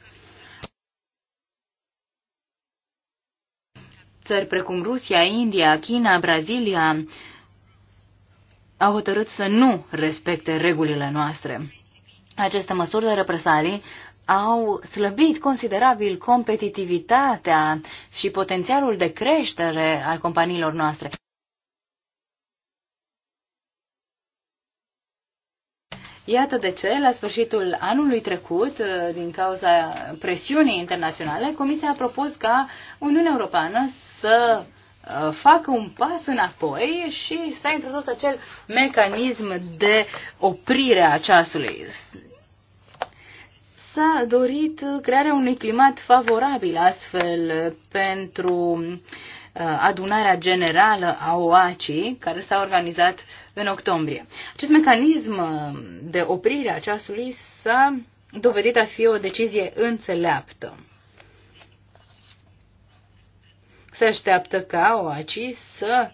Țări precum Rusia, India, China, Brazilia a hotărât să nu respecte regulile noastre. Aceste măsuri de represalii au slăbit considerabil competitivitatea și potențialul de creștere al companiilor noastre. Iată de ce, la sfârșitul anului trecut, din cauza presiunii internaționale, Comisia a propus ca Uniunea Europeană să Uh, facă un pas înapoi și s-a introdus acel mecanism de oprire a ceasului. S-a dorit crearea unui climat favorabil astfel pentru uh, adunarea generală a OACI, care s-a organizat în octombrie. Acest mecanism de oprire a ceasului s-a dovedit a fi o decizie înțeleaptă se așteaptă ca OACI să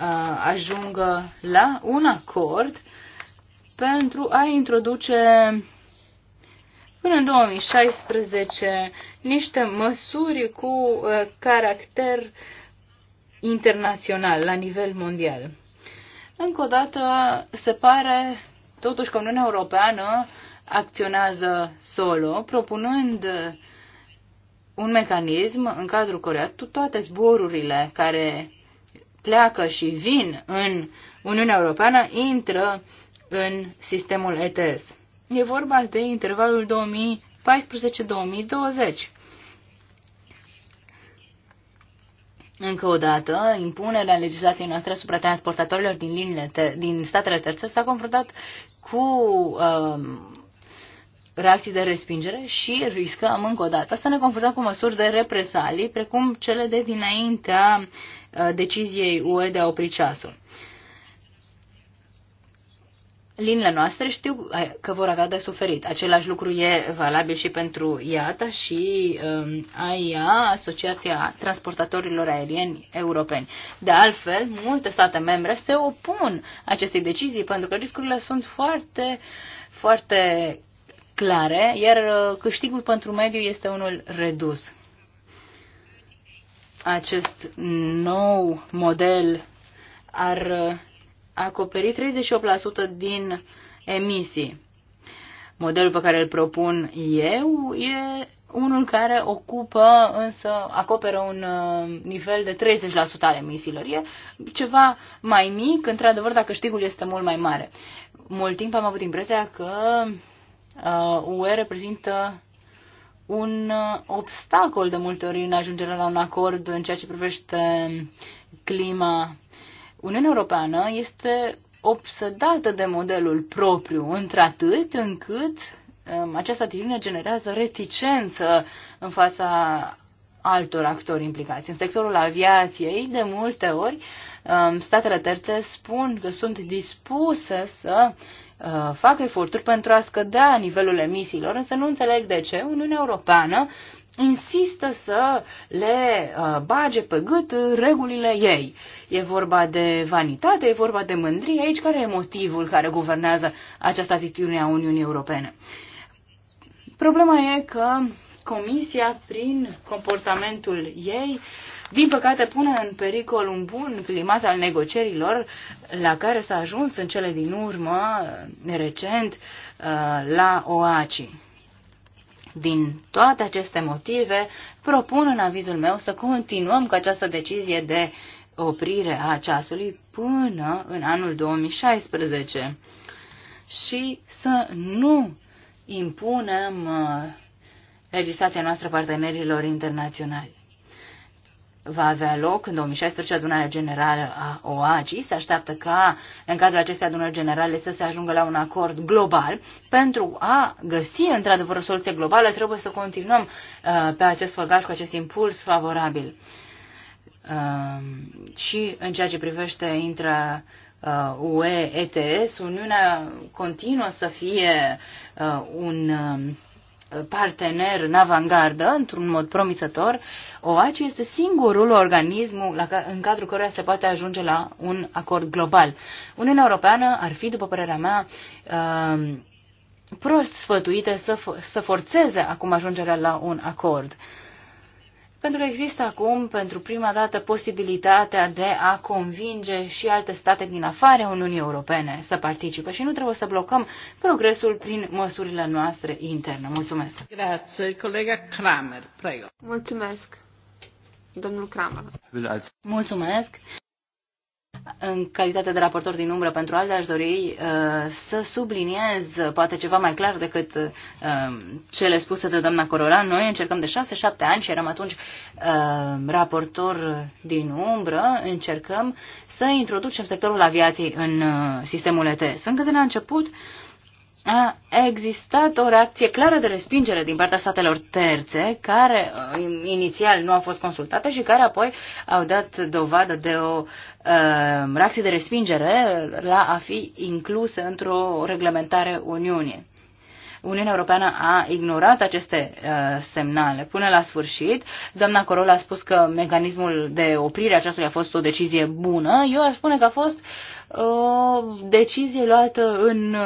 uh, ajungă la un acord pentru a introduce până în 2016 niște măsuri cu uh, caracter internațional, la nivel mondial. Încă o dată, se pare totuși că Uniunea Europeană acționează solo, propunând un mecanism în cadrul căruia toate zborurile care pleacă și vin în Uniunea Europeană intră în sistemul ETS. E vorba de intervalul 2014-2020. Încă o dată, impunerea legislației noastre asupra transportatorilor din, liniile te- din statele terțe s-a confruntat cu uh, reacții de respingere și riscăm încă o dată să ne confruntăm cu măsuri de represalii, precum cele de dinaintea uh, deciziei UE de a opri ceasul. Linile noastre știu uh, că vor avea de suferit. Același lucru e valabil și pentru IATA și um, AIA, Asociația Transportatorilor Aerieni Europeni. De altfel, multe state membre se opun acestei decizii pentru că riscurile sunt foarte, foarte clare, iar uh, câștigul pentru mediu este unul redus. Acest nou model ar uh, acoperi 38% din emisii. Modelul pe care îl propun eu e unul care ocupă, însă acoperă un uh, nivel de 30% al emisiilor. E ceva mai mic, într-adevăr, dacă câștigul este mult mai mare. Mult timp am avut impresia că UE uh, reprezintă un uh, obstacol de multe ori în ajungerea la un acord în ceea ce privește clima. Uniunea Europeană este obsedată de modelul propriu, într-atât încât um, această atitudine generează reticență în fața altor actori implicați. În sectorul aviației, de multe ori, um, statele terțe spun că sunt dispuse să Uh, fac eforturi pentru a scădea nivelul emisiilor, însă nu înțeleg de ce Uniunea Europeană insistă să le uh, bage pe gât regulile ei. E vorba de vanitate, e vorba de mândrie. Aici care e motivul care guvernează această atitudine a Uniunii Europene? Problema e că Comisia, prin comportamentul ei, uh, din păcate, pune în pericol un bun climat al negocierilor la care s-a ajuns în cele din urmă, recent, uh, la OACI. Din toate aceste motive, propun în avizul meu să continuăm cu această decizie de oprire a ceasului până în anul 2016 și să nu impunem uh, legislația noastră partenerilor internaționali va avea loc în 2016 adunarea generală a OACI. Se așteaptă ca în cadrul acestei adunări generale să se ajungă la un acord global. Pentru a găsi într-adevăr o soluție globală trebuie să continuăm uh, pe acest făgaș cu acest impuls favorabil. Uh, și în ceea ce privește intra uh, UE ETS, Uniunea continuă să fie uh, un uh, partener în avangardă, într-un mod promițător, OACI este singurul organism în cadrul căruia se poate ajunge la un acord global. Uniunea Europeană ar fi, după părerea mea, um, prost sfătuită să forțeze acum ajungerea la un acord. Pentru că există acum, pentru prima dată, posibilitatea de a convinge și alte state din afara Uniunii Europene să participe și nu trebuie să blocăm progresul prin măsurile noastre interne. Mulțumesc! Grazie, colega Kramer, prego. Mulțumesc, domnul Kramer. Mulțumesc! În calitate de raportor din umbră pentru alte, aș dori uh, să subliniez poate ceva mai clar decât uh, cele spuse de doamna Corolan. Noi încercăm de 6-7 ani și eram atunci uh, raportor din umbră, încercăm să introducem sectorul aviației în uh, sistemul Sunt Încă de la început uh, a existat o reacție clară de respingere din partea statelor terțe, care uh, inițial nu au fost consultate și care apoi au dat dovadă de o uh, reacție de respingere la a fi inclusă într-o reglementare Uniune. Uniunea Europeană a ignorat aceste uh, semnale până la sfârșit. Doamna Corolla a spus că mecanismul de oprire a a fost o decizie bună. Eu aș spune că a fost uh, o decizie luată în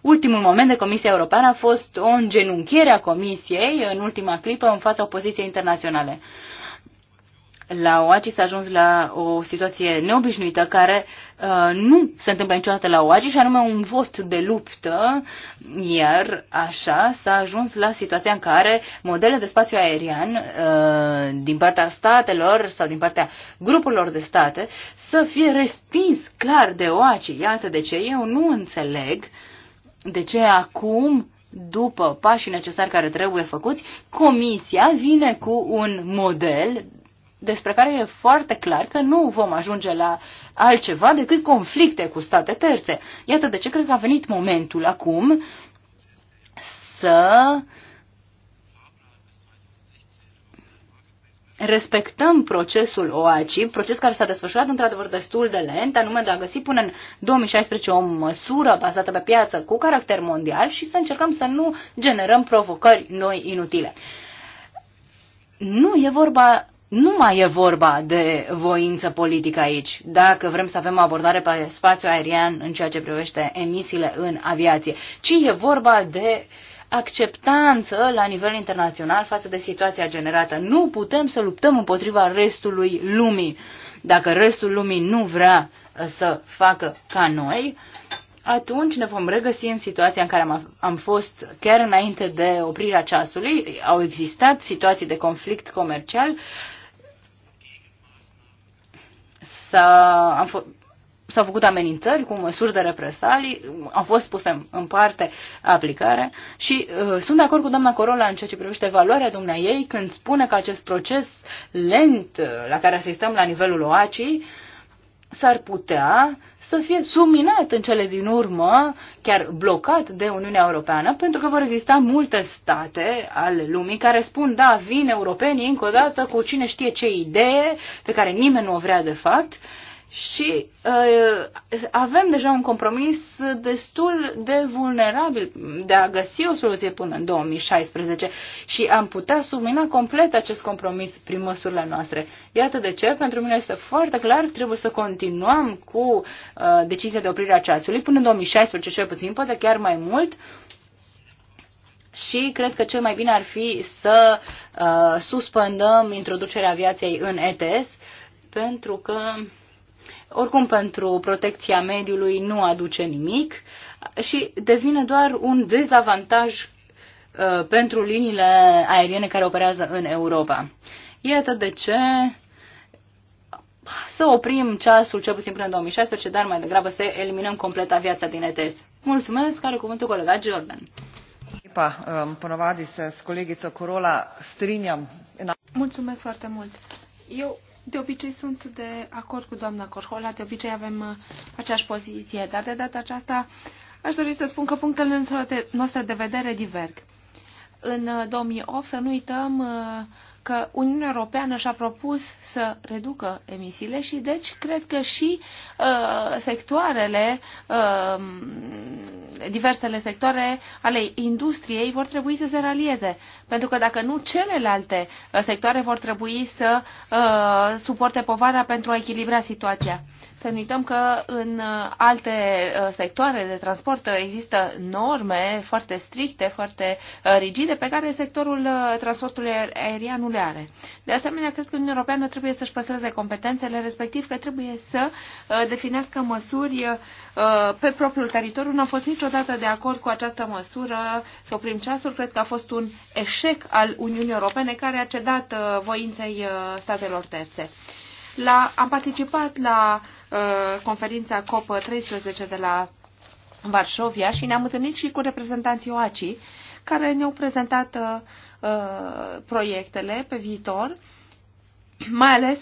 ultimul moment de Comisia Europeană a fost o îngenunchiere a Comisiei în ultima clipă în fața opoziției internaționale la OACI s-a ajuns la o situație neobișnuită care uh, nu se întâmplă niciodată la OACI și anume un vot de luptă, iar așa s-a ajuns la situația în care modele de spațiu aerian uh, din partea statelor sau din partea grupurilor de state să fie respins clar de OACI. Iată de ce eu nu înțeleg de ce acum după pașii necesari care trebuie făcuți, comisia vine cu un model despre care e foarte clar că nu vom ajunge la altceva decât conflicte cu state terțe. Iată de ce cred că a venit momentul acum să respectăm procesul OACI, proces care s-a desfășurat într-adevăr destul de lent, anume de a găsi până în 2016 o măsură bazată pe piață cu caracter mondial și să încercăm să nu generăm provocări noi inutile. Nu e vorba nu mai e vorba de voință politică aici, dacă vrem să avem o abordare pe spațiu aerian în ceea ce privește emisiile în aviație, ci e vorba de acceptanță la nivel internațional față de situația generată. Nu putem să luptăm împotriva restului lumii. Dacă restul lumii nu vrea să facă ca noi, atunci ne vom regăsi în situația în care am, am fost chiar înainte de oprirea ceasului. Au existat situații de conflict comercial uh, s-a, s-au făcut amenințări cu măsuri de represalii, au fost puse în parte aplicare și uh, sunt de acord cu doamna Corola în ceea ce privește valoarea dumneai ei când spune că acest proces lent uh, la care asistăm la nivelul OACI uh, s-ar putea să fie subminat în cele din urmă, chiar blocat de Uniunea Europeană, pentru că vor exista multe state ale lumii care spun, da, vin europenii încă o dată cu cine știe ce idee pe care nimeni nu o vrea de fapt și uh, avem deja un compromis destul de vulnerabil de a găsi o soluție până în 2016 și am putea submina complet acest compromis prin măsurile noastre. Iată de ce, pentru mine este foarte clar, trebuie să continuăm cu uh, decizia de oprire a ceasului până în 2016, cel puțin, poate chiar mai mult, și cred că cel mai bine ar fi să uh, suspendăm introducerea aviației în ETS, pentru că oricum pentru protecția mediului nu aduce nimic și devine doar un dezavantaj uh, pentru liniile aeriene care operează în Europa. Iată de ce să oprim ceasul cel puțin până în 2016, dar mai degrabă să eliminăm complet aviația din ETS. Mulțumesc, care cuvântul colega Jordan. Pa, um, ponovadi se s colegico Corola strinjam. Mulțumesc foarte mult. Eu de obicei sunt de acord cu doamna Corhola, de obicei avem uh, aceeași poziție, dar de data aceasta aș dori să spun că punctele noastre de vedere diverg. În 2008, uh, să nu uităm, uh, că Uniunea Europeană și-a propus să reducă emisiile și deci cred că și uh, sectoarele, uh, diversele sectoare ale industriei vor trebui să se ralieze. Pentru că dacă nu, celelalte uh, sectoare vor trebui să uh, suporte povara pentru a echilibra situația. Să nu uităm că în uh, alte uh, sectoare de transport există norme foarte stricte, foarte uh, rigide, pe care sectorul transportului aerian nu le are. De asemenea, cred că Uniunea Europeană trebuie să-și păstreze competențele, respectiv că trebuie să definească măsuri pe propriul teritoriu. Nu am fost niciodată de acord cu această măsură să oprim ceasul. Cred că a fost un eșec al Uniunii Europene care a cedat voinței statelor terțe. La, am participat la uh, Uh, conferința COP13 de la Varșovia și ne-am întâlnit și cu reprezentanții OACI, care ne-au prezentat uh, uh, proiectele pe viitor, mai ales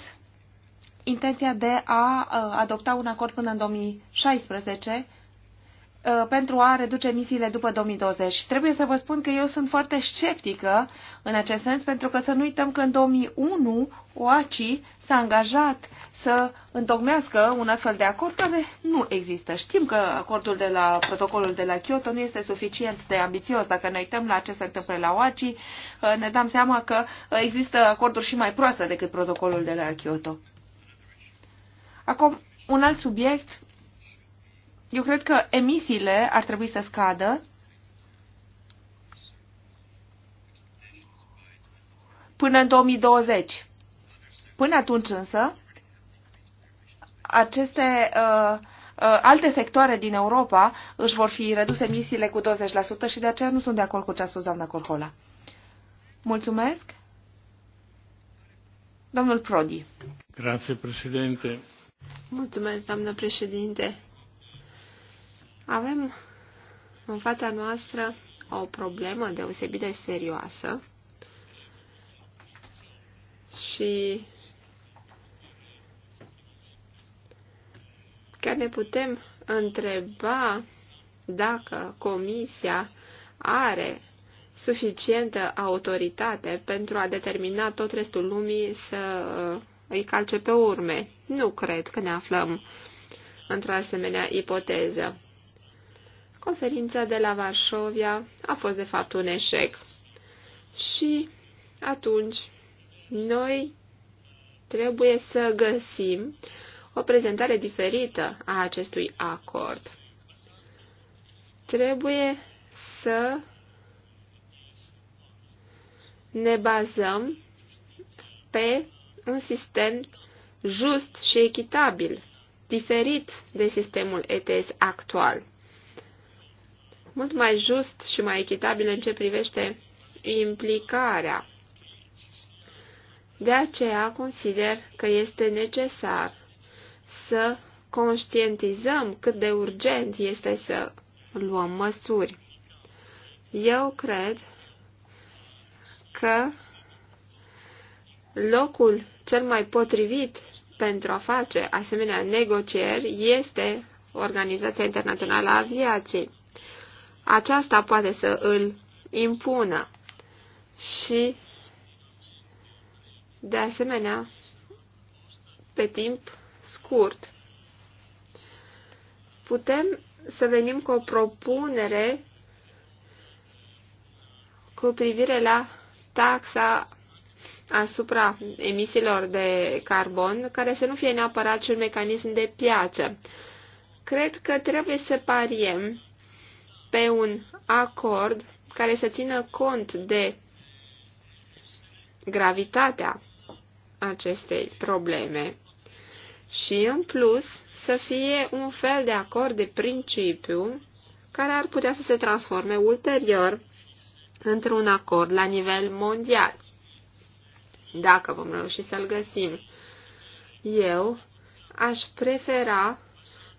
intenția de a uh, adopta un acord până în 2016 Uh, pentru a reduce emisiile după 2020. Trebuie să vă spun că eu sunt foarte sceptică în acest sens, pentru că să nu uităm că în 2001 OACI s-a angajat să întocmească un astfel de acord care nu există. Știm că acordul de la protocolul de la Kyoto nu este suficient de ambițios. Dacă ne uităm la ce se întâmplă la OACI, uh, ne dăm seama că uh, există acorduri și mai proaste decât protocolul de la Kyoto. Acum, un alt subiect eu cred că emisiile ar trebui să scadă până în 2020. Până atunci însă, aceste uh, uh, alte sectoare din Europa își vor fi reduse emisiile cu 20% și de aceea nu sunt de acord cu ce a spus doamna Corcola. Mulțumesc. Domnul Prodi. Grazie, președinte. Mulțumesc, doamnă președinte. Avem în fața noastră o problemă deosebit de serioasă și chiar ne putem întreba dacă comisia are suficientă autoritate pentru a determina tot restul lumii să uh, îi calce pe urme. Nu cred că ne aflăm într-o asemenea ipoteză conferința de la Varșovia a fost de fapt un eșec. Și atunci noi trebuie să găsim o prezentare diferită a acestui acord. Trebuie să ne bazăm pe un sistem just și echitabil, diferit de sistemul ETS actual mult mai just și mai echitabil în ce privește implicarea. De aceea consider că este necesar să conștientizăm cât de urgent este să luăm măsuri. Eu cred că locul cel mai potrivit pentru a face asemenea negocieri este Organizația Internațională a Aviației aceasta poate să îl impună. Și, de asemenea, pe timp scurt, putem să venim cu o propunere cu privire la taxa asupra emisiilor de carbon, care să nu fie neapărat și un mecanism de piață. Cred că trebuie să pariem pe un acord care să țină cont de gravitatea acestei probleme și, în plus, să fie un fel de acord de principiu care ar putea să se transforme ulterior într-un acord la nivel mondial. Dacă vom reuși să-l găsim, eu aș prefera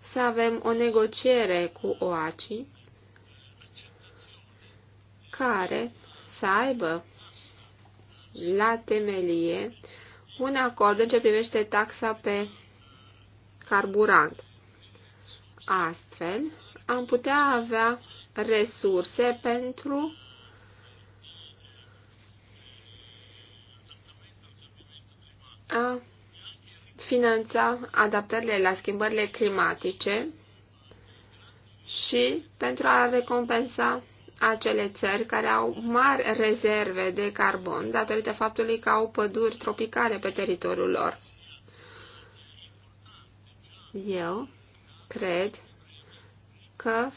să avem o negociere cu OACI care să aibă la temelie un acord în ce privește taxa pe carburant. Astfel, am putea avea resurse pentru a finanța adaptările la schimbările climatice și pentru a recompensa acele țări care au mari rezerve de carbon datorită faptului că au păduri tropicale pe teritoriul lor. Eu cred că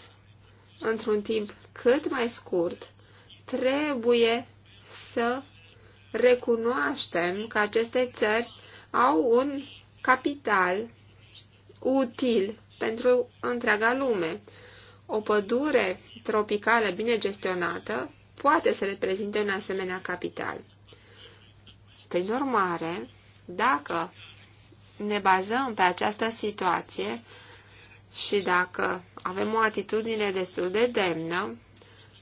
într-un timp cât mai scurt trebuie să recunoaștem că aceste țări au un capital util pentru întreaga lume. O pădure tropicală bine gestionată poate să reprezinte un asemenea capital. Prin urmare, dacă ne bazăm pe această situație și dacă avem o atitudine destul de demnă,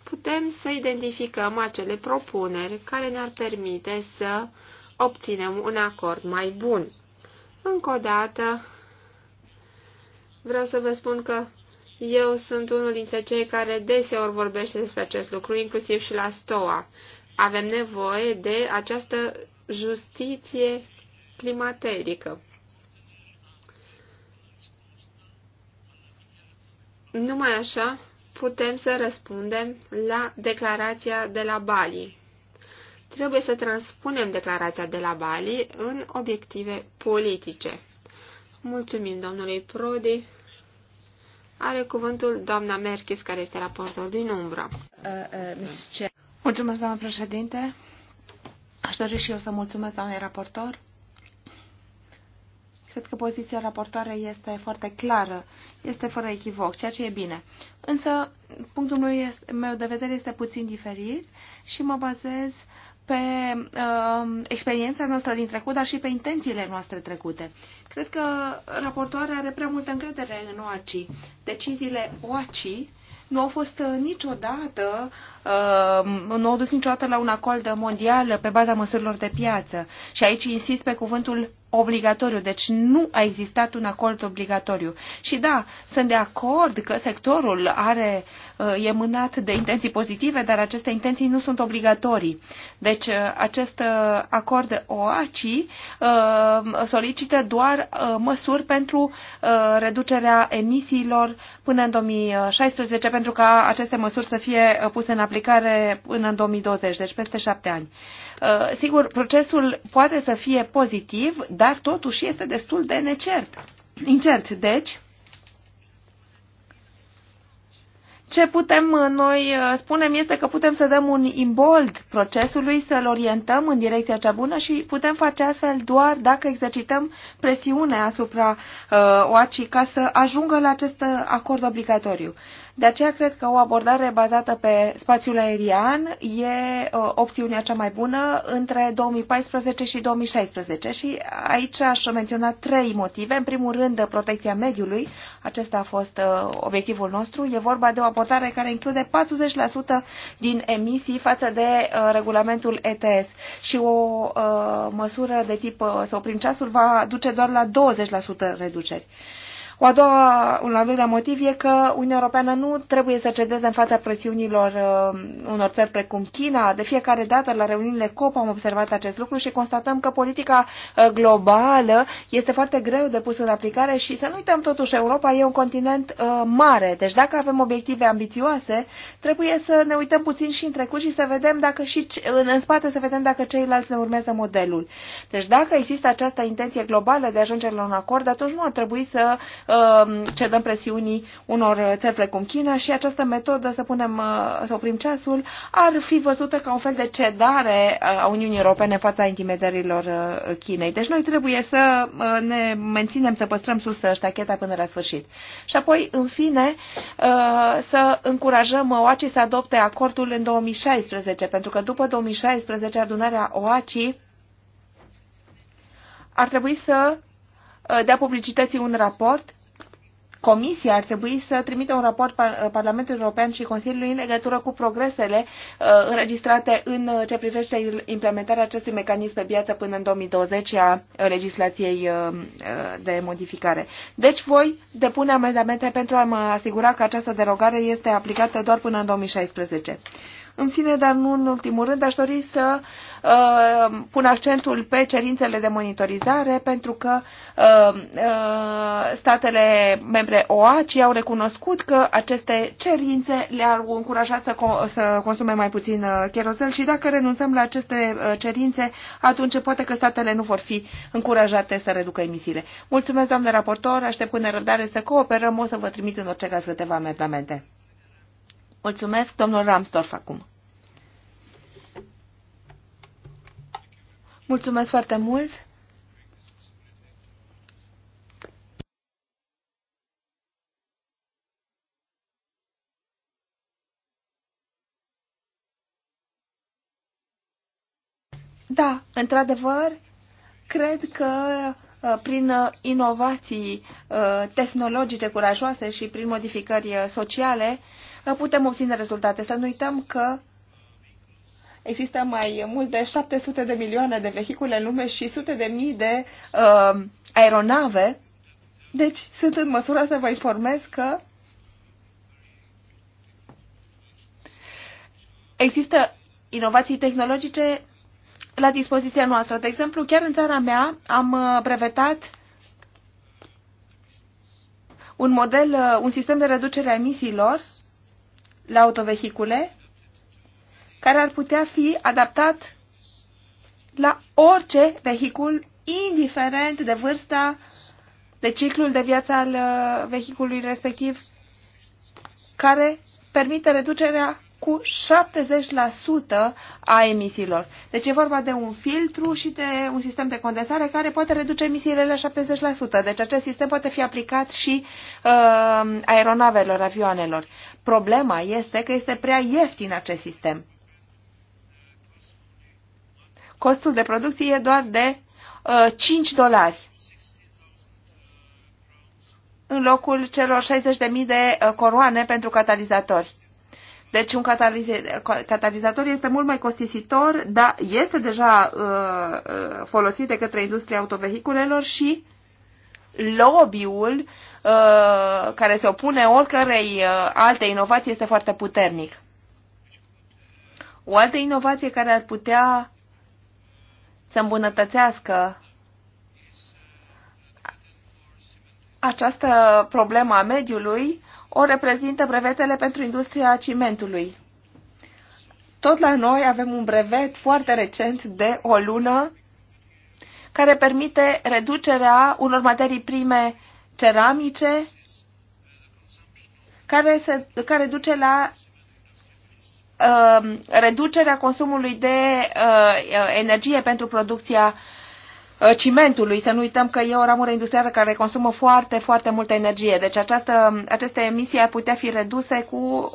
putem să identificăm acele propuneri care ne-ar permite să obținem un acord mai bun. Încă o dată, vreau să vă spun că eu sunt unul dintre cei care deseori vorbește despre acest lucru, inclusiv și la STOA. Avem nevoie de această justiție climaterică. Numai așa putem să răspundem la declarația de la Bali. Trebuie să transpunem declarația de la Bali în obiective politice. Mulțumim domnului Prodi. Are cuvântul doamna Merkis, care este raportor din umbră. Mulțumesc, doamna președinte. Aș dori și eu să mulțumesc doamnei raportor. Cred că poziția raportoarei este foarte clară, este fără echivoc, ceea ce e bine. Însă, punctul meu, este, meu de vedere este puțin diferit și mă bazez pe uh, experiența noastră din trecut, dar și pe intențiile noastre trecute. Cred că raportoarea are prea multă încredere în OACI. Deciziile OACI nu au fost uh, niciodată, uh, nu au dus niciodată la un acord mondial pe baza măsurilor de piață. Și aici insist pe cuvântul obligatoriu, deci nu a existat un acord obligatoriu. Și da, sunt de acord că sectorul are, uh, e mânat de intenții pozitive, dar aceste intenții nu sunt obligatorii. Deci uh, acest uh, acord OACI solicită doar măsuri pentru reducerea emisiilor până în 2016, pentru ca aceste măsuri să fie puse în aplicare până în 2020, deci peste șapte ani. Uh, sigur, procesul poate să fie pozitiv, dar totuși este destul de necert, incert. Deci, ce putem uh, noi uh, spunem este că putem să dăm un imbold procesului, să-l orientăm în direcția cea bună și putem face astfel doar dacă exercităm presiune asupra uh, OACI ca să ajungă la acest acord obligatoriu. De aceea cred că o abordare bazată pe spațiul aerian e uh, opțiunea cea mai bună între 2014 și 2016 și aici aș menționa trei motive. În primul rând, protecția mediului. Acesta a fost uh, obiectivul nostru. E vorba de o abordare care include 40% din emisii față de uh, regulamentul ETS și o măsură de tip să oprim ceasul va duce doar la 20% reduceri. O a doua, un al doilea motiv e că Uniunea Europeană nu trebuie să cedeze în fața presiunilor uh, unor țări precum China. De fiecare dată la reuniunile COP am observat acest lucru și constatăm că politica uh, globală este foarte greu de pus în aplicare și să nu uităm totuși Europa e un continent uh, mare. Deci dacă avem obiective ambițioase, trebuie să ne uităm puțin și în trecut și să vedem dacă și în, în spate să vedem dacă ceilalți ne urmează modelul. Deci dacă există această intenție globală de a ajunge la un acord, atunci nu ar trebui să uh, Um, cedăm presiunii unor țări precum China și această metodă să, punem, uh, să oprim ceasul ar fi văzută ca un fel de cedare uh, a Uniunii Europene fața intimidărilor uh, Chinei. Deci noi trebuie să ne menținem, să păstrăm sus ștacheta până la sfârșit. Și apoi, în fine, să încurajăm OACI să adopte acordul în 2016, pentru că după 2016 adunarea OACI ar trebui să dea publicității un raport Comisia ar trebui să trimită un raport par Parlamentului European și Consiliului în legătură cu progresele uh, înregistrate în uh, ce privește implementarea acestui mecanism pe piață până în 2020 a uh, legislației de modificare. Deci voi depune amendamente pentru a mă asigura că această derogare este aplicată doar până în 2016. În fine, dar nu în ultimul rând, aș dori să uh, pun accentul pe cerințele de monitorizare, pentru că uh, uh, statele membre OACI au recunoscut că aceste cerințe le-au încurajat să, co să consume mai puțin uh, cherosel și dacă renunțăm la aceste uh, cerințe, atunci poate că statele nu vor fi încurajate să reducă emisiile. Mulțumesc, doamnă raportor, aștept cu nerăbdare să cooperăm, o să vă trimit în orice caz câteva amendamente. Mulțumesc, domnul Ramsdorf acum. Mulțumesc foarte mult. Da, într-adevăr, cred că uh, prin uh, inovații uh, tehnologice curajoase și prin modificări sociale, putem obține rezultate. Să nu uităm că există mai mult de 700 de milioane de vehicule în lume și sute de mii de uh, aeronave. Deci sunt în măsură să vă informez că există inovații tehnologice la dispoziția noastră. De exemplu, chiar în țara mea am uh, brevetat un model, uh, un sistem de reducere a emisiilor la autovehicule care ar putea fi adaptat la orice vehicul, indiferent de vârsta, de ciclul de viață al uh, vehiculului respectiv, care permite reducerea cu 70% a emisiilor. Deci e vorba de un filtru și de un sistem de condensare care poate reduce emisiile la 70%. Deci acest sistem poate fi aplicat și uh, aeronavelor, avioanelor. Problema este că este prea ieftin acest sistem. Costul de producție e doar de uh, 5 dolari în locul celor 60.000 de uh, coroane pentru catalizatori. Deci un catalizator este mult mai costisitor, dar este deja uh, uh, folosit de către industria autovehiculelor și lobby-ul uh, care se opune oricărei uh, alte inovații este foarte puternic. O altă inovație care ar putea să îmbunătățească această problemă a mediului o reprezintă brevetele pentru industria cimentului. Tot la noi avem un brevet foarte recent de o lună care permite reducerea unor materii prime ceramice care, se, care duce la uh, reducerea consumului de uh, uh energie pentru producția uh, Uh, cimentului. Să nu uităm că e o ramură industrială care consumă foarte, foarte multă energie. Deci această, aceste emisii ar putea fi reduse cu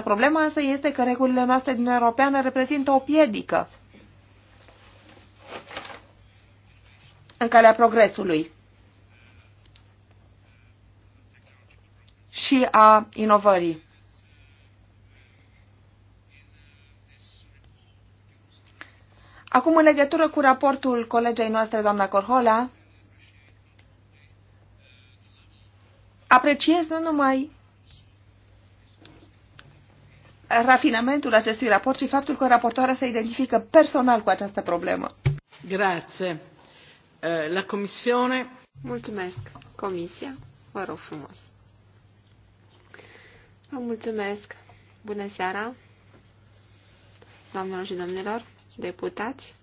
70%. Problema însă este că regulile noastre din Europeană reprezintă o piedică în calea progresului și a inovării. Acum, în legătură cu raportul colegei noastre, doamna Corhola, apreciez nu numai rafinamentul acestui raport, ci faptul că raportoarea se identifică personal cu această problemă. Grazie. Eh, la comisiune. Mulțumesc. Comisia, vă rog frumos. Vă mulțumesc. Bună seara, doamnelor și domnilor deputați.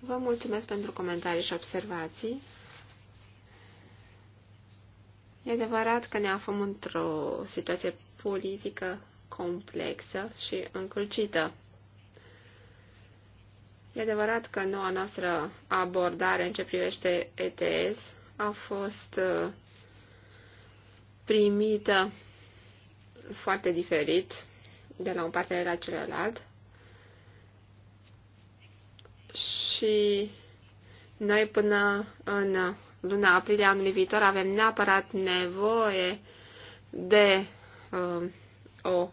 Vă mulțumesc pentru comentarii și observații. E adevărat că ne aflăm într-o situație politică complexă și încălcită. E adevărat că noua noastră abordare în ce privește ETS a fost uh, primită foarte diferit de la un partener la celălalt și noi până în luna aprilie anului viitor avem neapărat nevoie de uh, o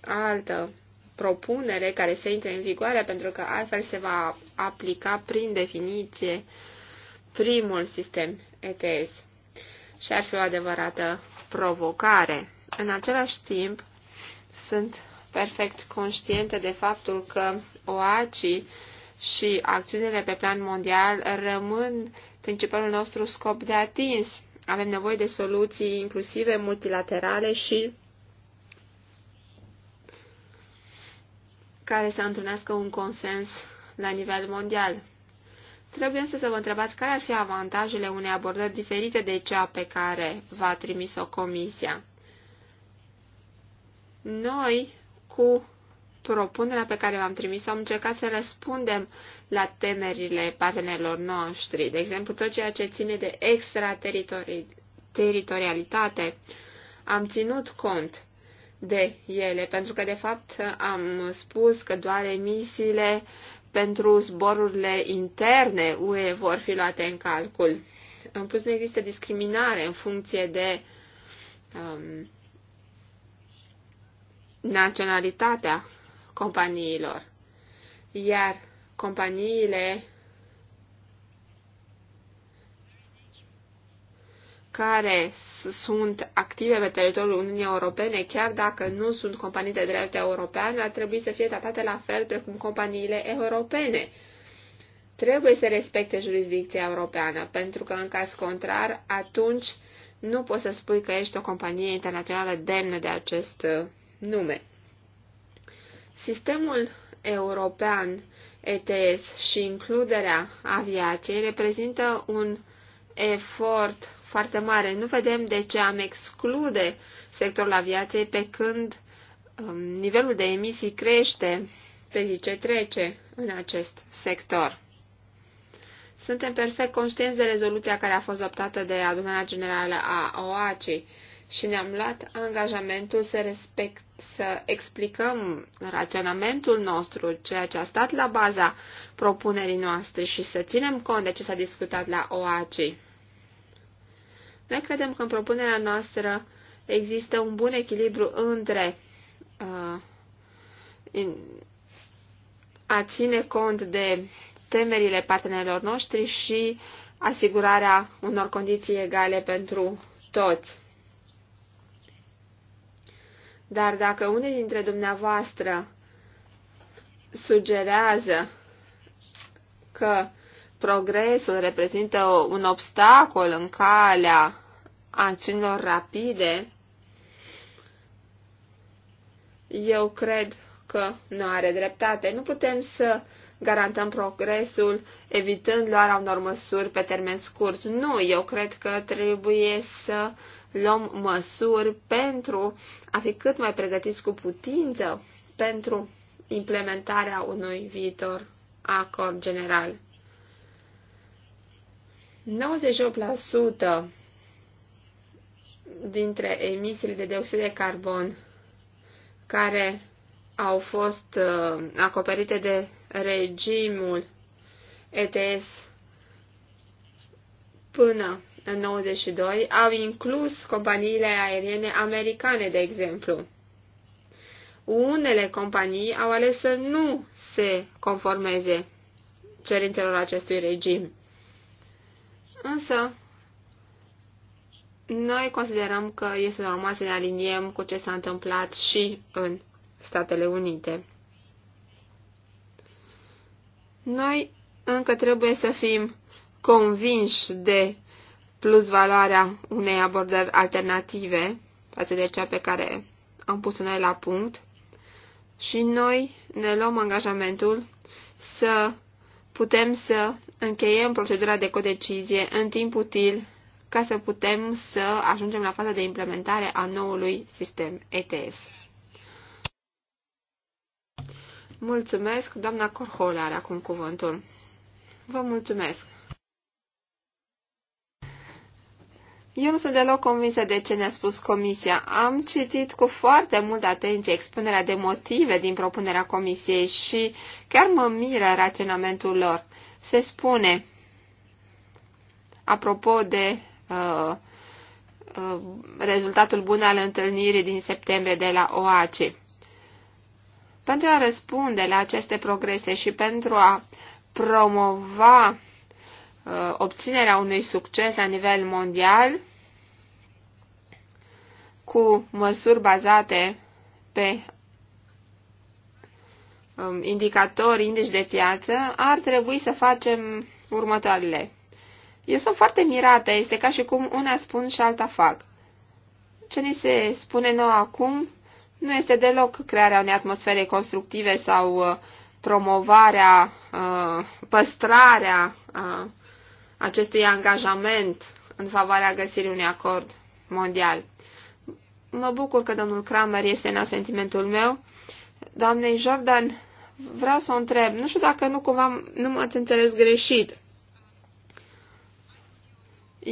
altă propunere care să intre în vigoare, pentru că altfel se va aplica prin definiție primul sistem ETS și ar fi o adevărată provocare. În același timp, sunt perfect conștientă de faptul că OACI și acțiunile pe plan mondial rămân principalul nostru scop de atins. Avem nevoie de soluții inclusive, multilaterale și care să întrunească un consens la nivel mondial. Trebuie însă să vă întrebați care ar fi avantajele unei abordări diferite de cea pe care v-a trimis-o Comisia. Noi cu propunerea pe care v-am trimis-o, am încercat să răspundem la temerile partenerilor noștri, de exemplu tot ceea ce ține de extrateritorialitate. Am ținut cont de ele, pentru că de fapt am spus că doar emisiile pentru zborurile interne UE vor fi luate în calcul. În plus, nu există discriminare în funcție de um, naționalitatea companiilor. Iar companiile care sunt active pe teritoriul Uniunii Europene, chiar dacă nu sunt companii de drept european, ar trebui să fie tratate la fel precum companiile europene. Trebuie să respecte jurisdicția europeană, pentru că în caz contrar, atunci nu poți să spui că ești o companie internațională demnă de acest nume. Sistemul european ETS și includerea aviației reprezintă un efort foarte mare. Nu vedem de ce am exclude sectorul aviației pe când um, nivelul de emisii crește pe zi ce trece în acest sector. Suntem perfect conștienți de rezoluția care a fost optată de adunarea generală a OACI și ne-am luat angajamentul să, respect, să explicăm raționamentul nostru, ceea ce a stat la baza propunerii noastre și să ținem cont de ce s-a discutat la OAC. Noi credem că în propunerea noastră există un bun echilibru între uh, in, a ține cont de temerile partenerilor noștri și asigurarea unor condiții egale pentru toți. Dar dacă unii dintre dumneavoastră sugerează că progresul reprezintă un obstacol în calea acțiunilor rapide, eu cred că nu are dreptate. Nu putem să garantăm progresul evitând luarea unor măsuri pe termen scurt. Nu, eu cred că trebuie să uh, luăm măsuri pentru a fi cât mai pregătiți cu putință pentru implementarea unui viitor acord general. 98% dintre emisiile de dioxid de carbon care au fost uh, acoperite de regimul ETS până în 92 au inclus companiile aeriene americane, de exemplu. Unele companii au ales să nu se conformeze cerințelor acestui regim. Însă, noi considerăm că este normal să ne aliniem cu ce s-a întâmplat și în Statele Unite. Noi încă trebuie să fim convinși de plus valoarea unei abordări alternative față de cea pe care am pus-o noi la punct și noi ne luăm angajamentul să putem să încheiem procedura de codecizie în timp util ca să putem să ajungem la faza de implementare a noului sistem ETS. Mulțumesc, doamna Corhol are acum cuvântul. Vă mulțumesc! Eu nu sunt deloc convinsă de ce ne-a spus comisia. Am citit cu foarte multă atenție expunerea de motive din propunerea comisiei și chiar mă miră raționamentul lor. Se spune, apropo de uh, uh, rezultatul bun al întâlnirii din septembrie de la OACE, pentru a răspunde la aceste progrese și pentru a promova Uh, obținerea unui succes la nivel mondial cu măsuri bazate pe um, indicatori, indici de piață, ar trebui să facem următoarele. Eu sunt foarte mirată, este ca și cum una spun și alta fac. Ce ni se spune nou acum nu este deloc crearea unei atmosfere constructive sau uh, promovarea, uh, păstrarea acestui angajament în favoarea găsirii unui acord mondial. Mă bucur că domnul Kramer este în asentimentul meu. Doamnei Jordan, vreau să o întreb, nu știu dacă nu cumva nu m-ați înțeles greșit.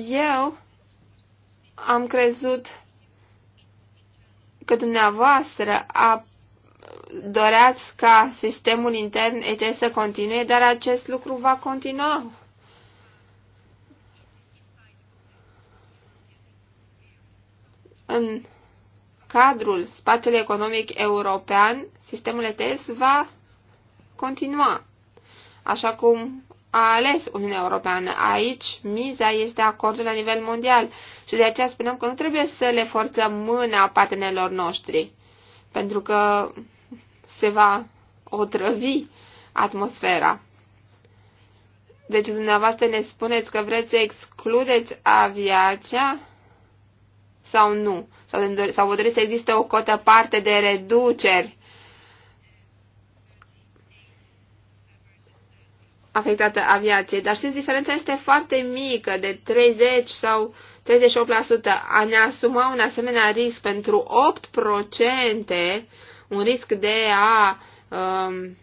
Eu am crezut că dumneavoastră a, doreați ca sistemul intern ETS să continue, dar acest lucru va continua în cadrul spațiului economic european, sistemul ETS va continua, așa cum a ales Uniunea Europeană. Aici miza este acordul la nivel mondial și de aceea spunem că nu trebuie să le forțăm mâna partenerilor noștri, pentru că se va otrăvi atmosfera. Deci dumneavoastră ne spuneți că vreți să excludeți aviația sau nu? Sau, sau vă doriți să existe o cotă parte de reduceri afectată aviației. Dar știți, diferența este foarte mică, de 30 sau 38%. A ne asuma un asemenea risc pentru 8%, un risc de a um,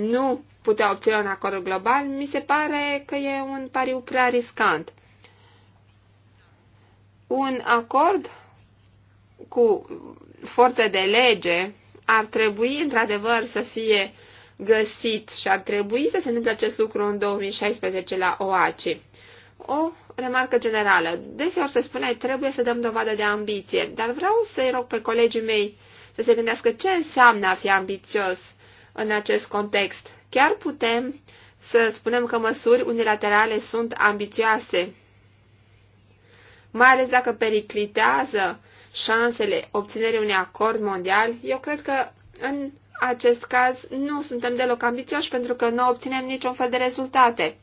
nu putea obține un acord global, mi se pare că e un pariu prea riscant. Un acord cu forță de lege ar trebui, într-adevăr, să fie găsit și ar trebui să se întâmple acest lucru în 2016 la OACI. O remarcă generală. Deseori se spune, trebuie să dăm dovadă de ambiție, dar vreau să-i rog pe colegii mei să se gândească ce înseamnă a fi ambițios în acest context. Chiar putem să spunem că măsuri unilaterale sunt ambițioase, mai ales dacă periclitează șansele obținerii unui acord mondial, eu cred că în acest caz nu suntem deloc ambițioși pentru că nu obținem niciun fel de rezultate.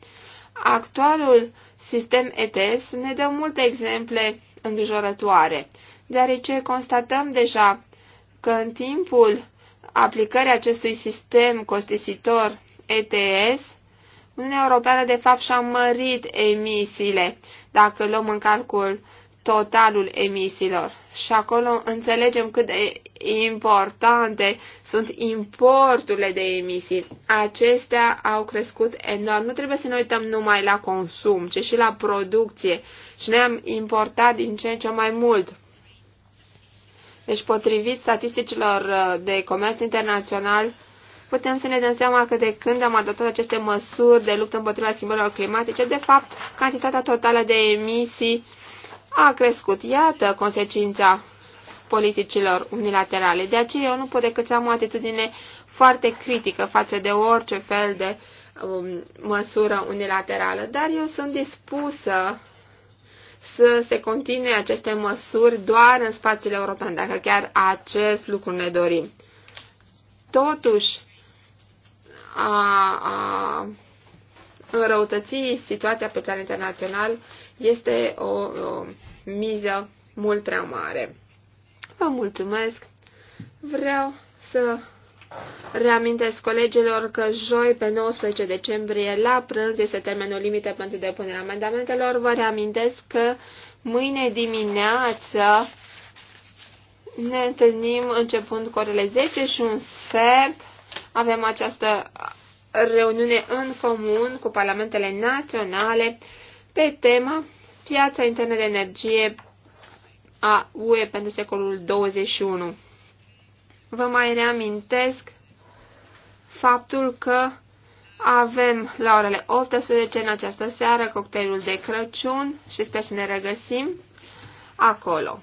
Actualul sistem ETS ne dă multe exemple îngrijorătoare, deoarece constatăm deja că în timpul aplicării acestui sistem costisitor ETS, Uniunea Europeană de fapt și-a mărit emisiile dacă luăm în calcul totalul emisiilor. Și acolo înțelegem cât de importante sunt importurile de emisii. Acestea au crescut enorm. Nu trebuie să ne uităm numai la consum, ci și la producție. Și noi am importat din ce în ce mai mult. Deci, potrivit statisticilor uh, de comerț internațional, putem să ne dăm seama că de când am adoptat aceste măsuri de luptă împotriva schimbărilor climatice, de fapt, cantitatea totală de emisii a crescut. Iată consecința politicilor unilaterale. De aceea eu nu pot decât să am o atitudine foarte critică față de orice fel de um, măsură unilaterală, dar eu sunt dispusă să se continue aceste măsuri doar în spațiul european, dacă chiar acest lucru ne dorim. Totuși, a, a înrăutăți situația pe plan internațional este o, o miză mult prea mare. Vă mulțumesc! Vreau să reamintesc colegilor că joi pe 19 decembrie la prânz este termenul limită pentru depunerea amendamentelor. Vă reamintesc că mâine dimineață ne întâlnim începând cu orele 10 și un sfert avem această reuniune în comun cu parlamentele naționale pe tema piața internă de energie a UE pentru secolul 21. Vă mai reamintesc faptul că avem la orele 18 în această seară cocktailul de Crăciun și sper să ne regăsim acolo.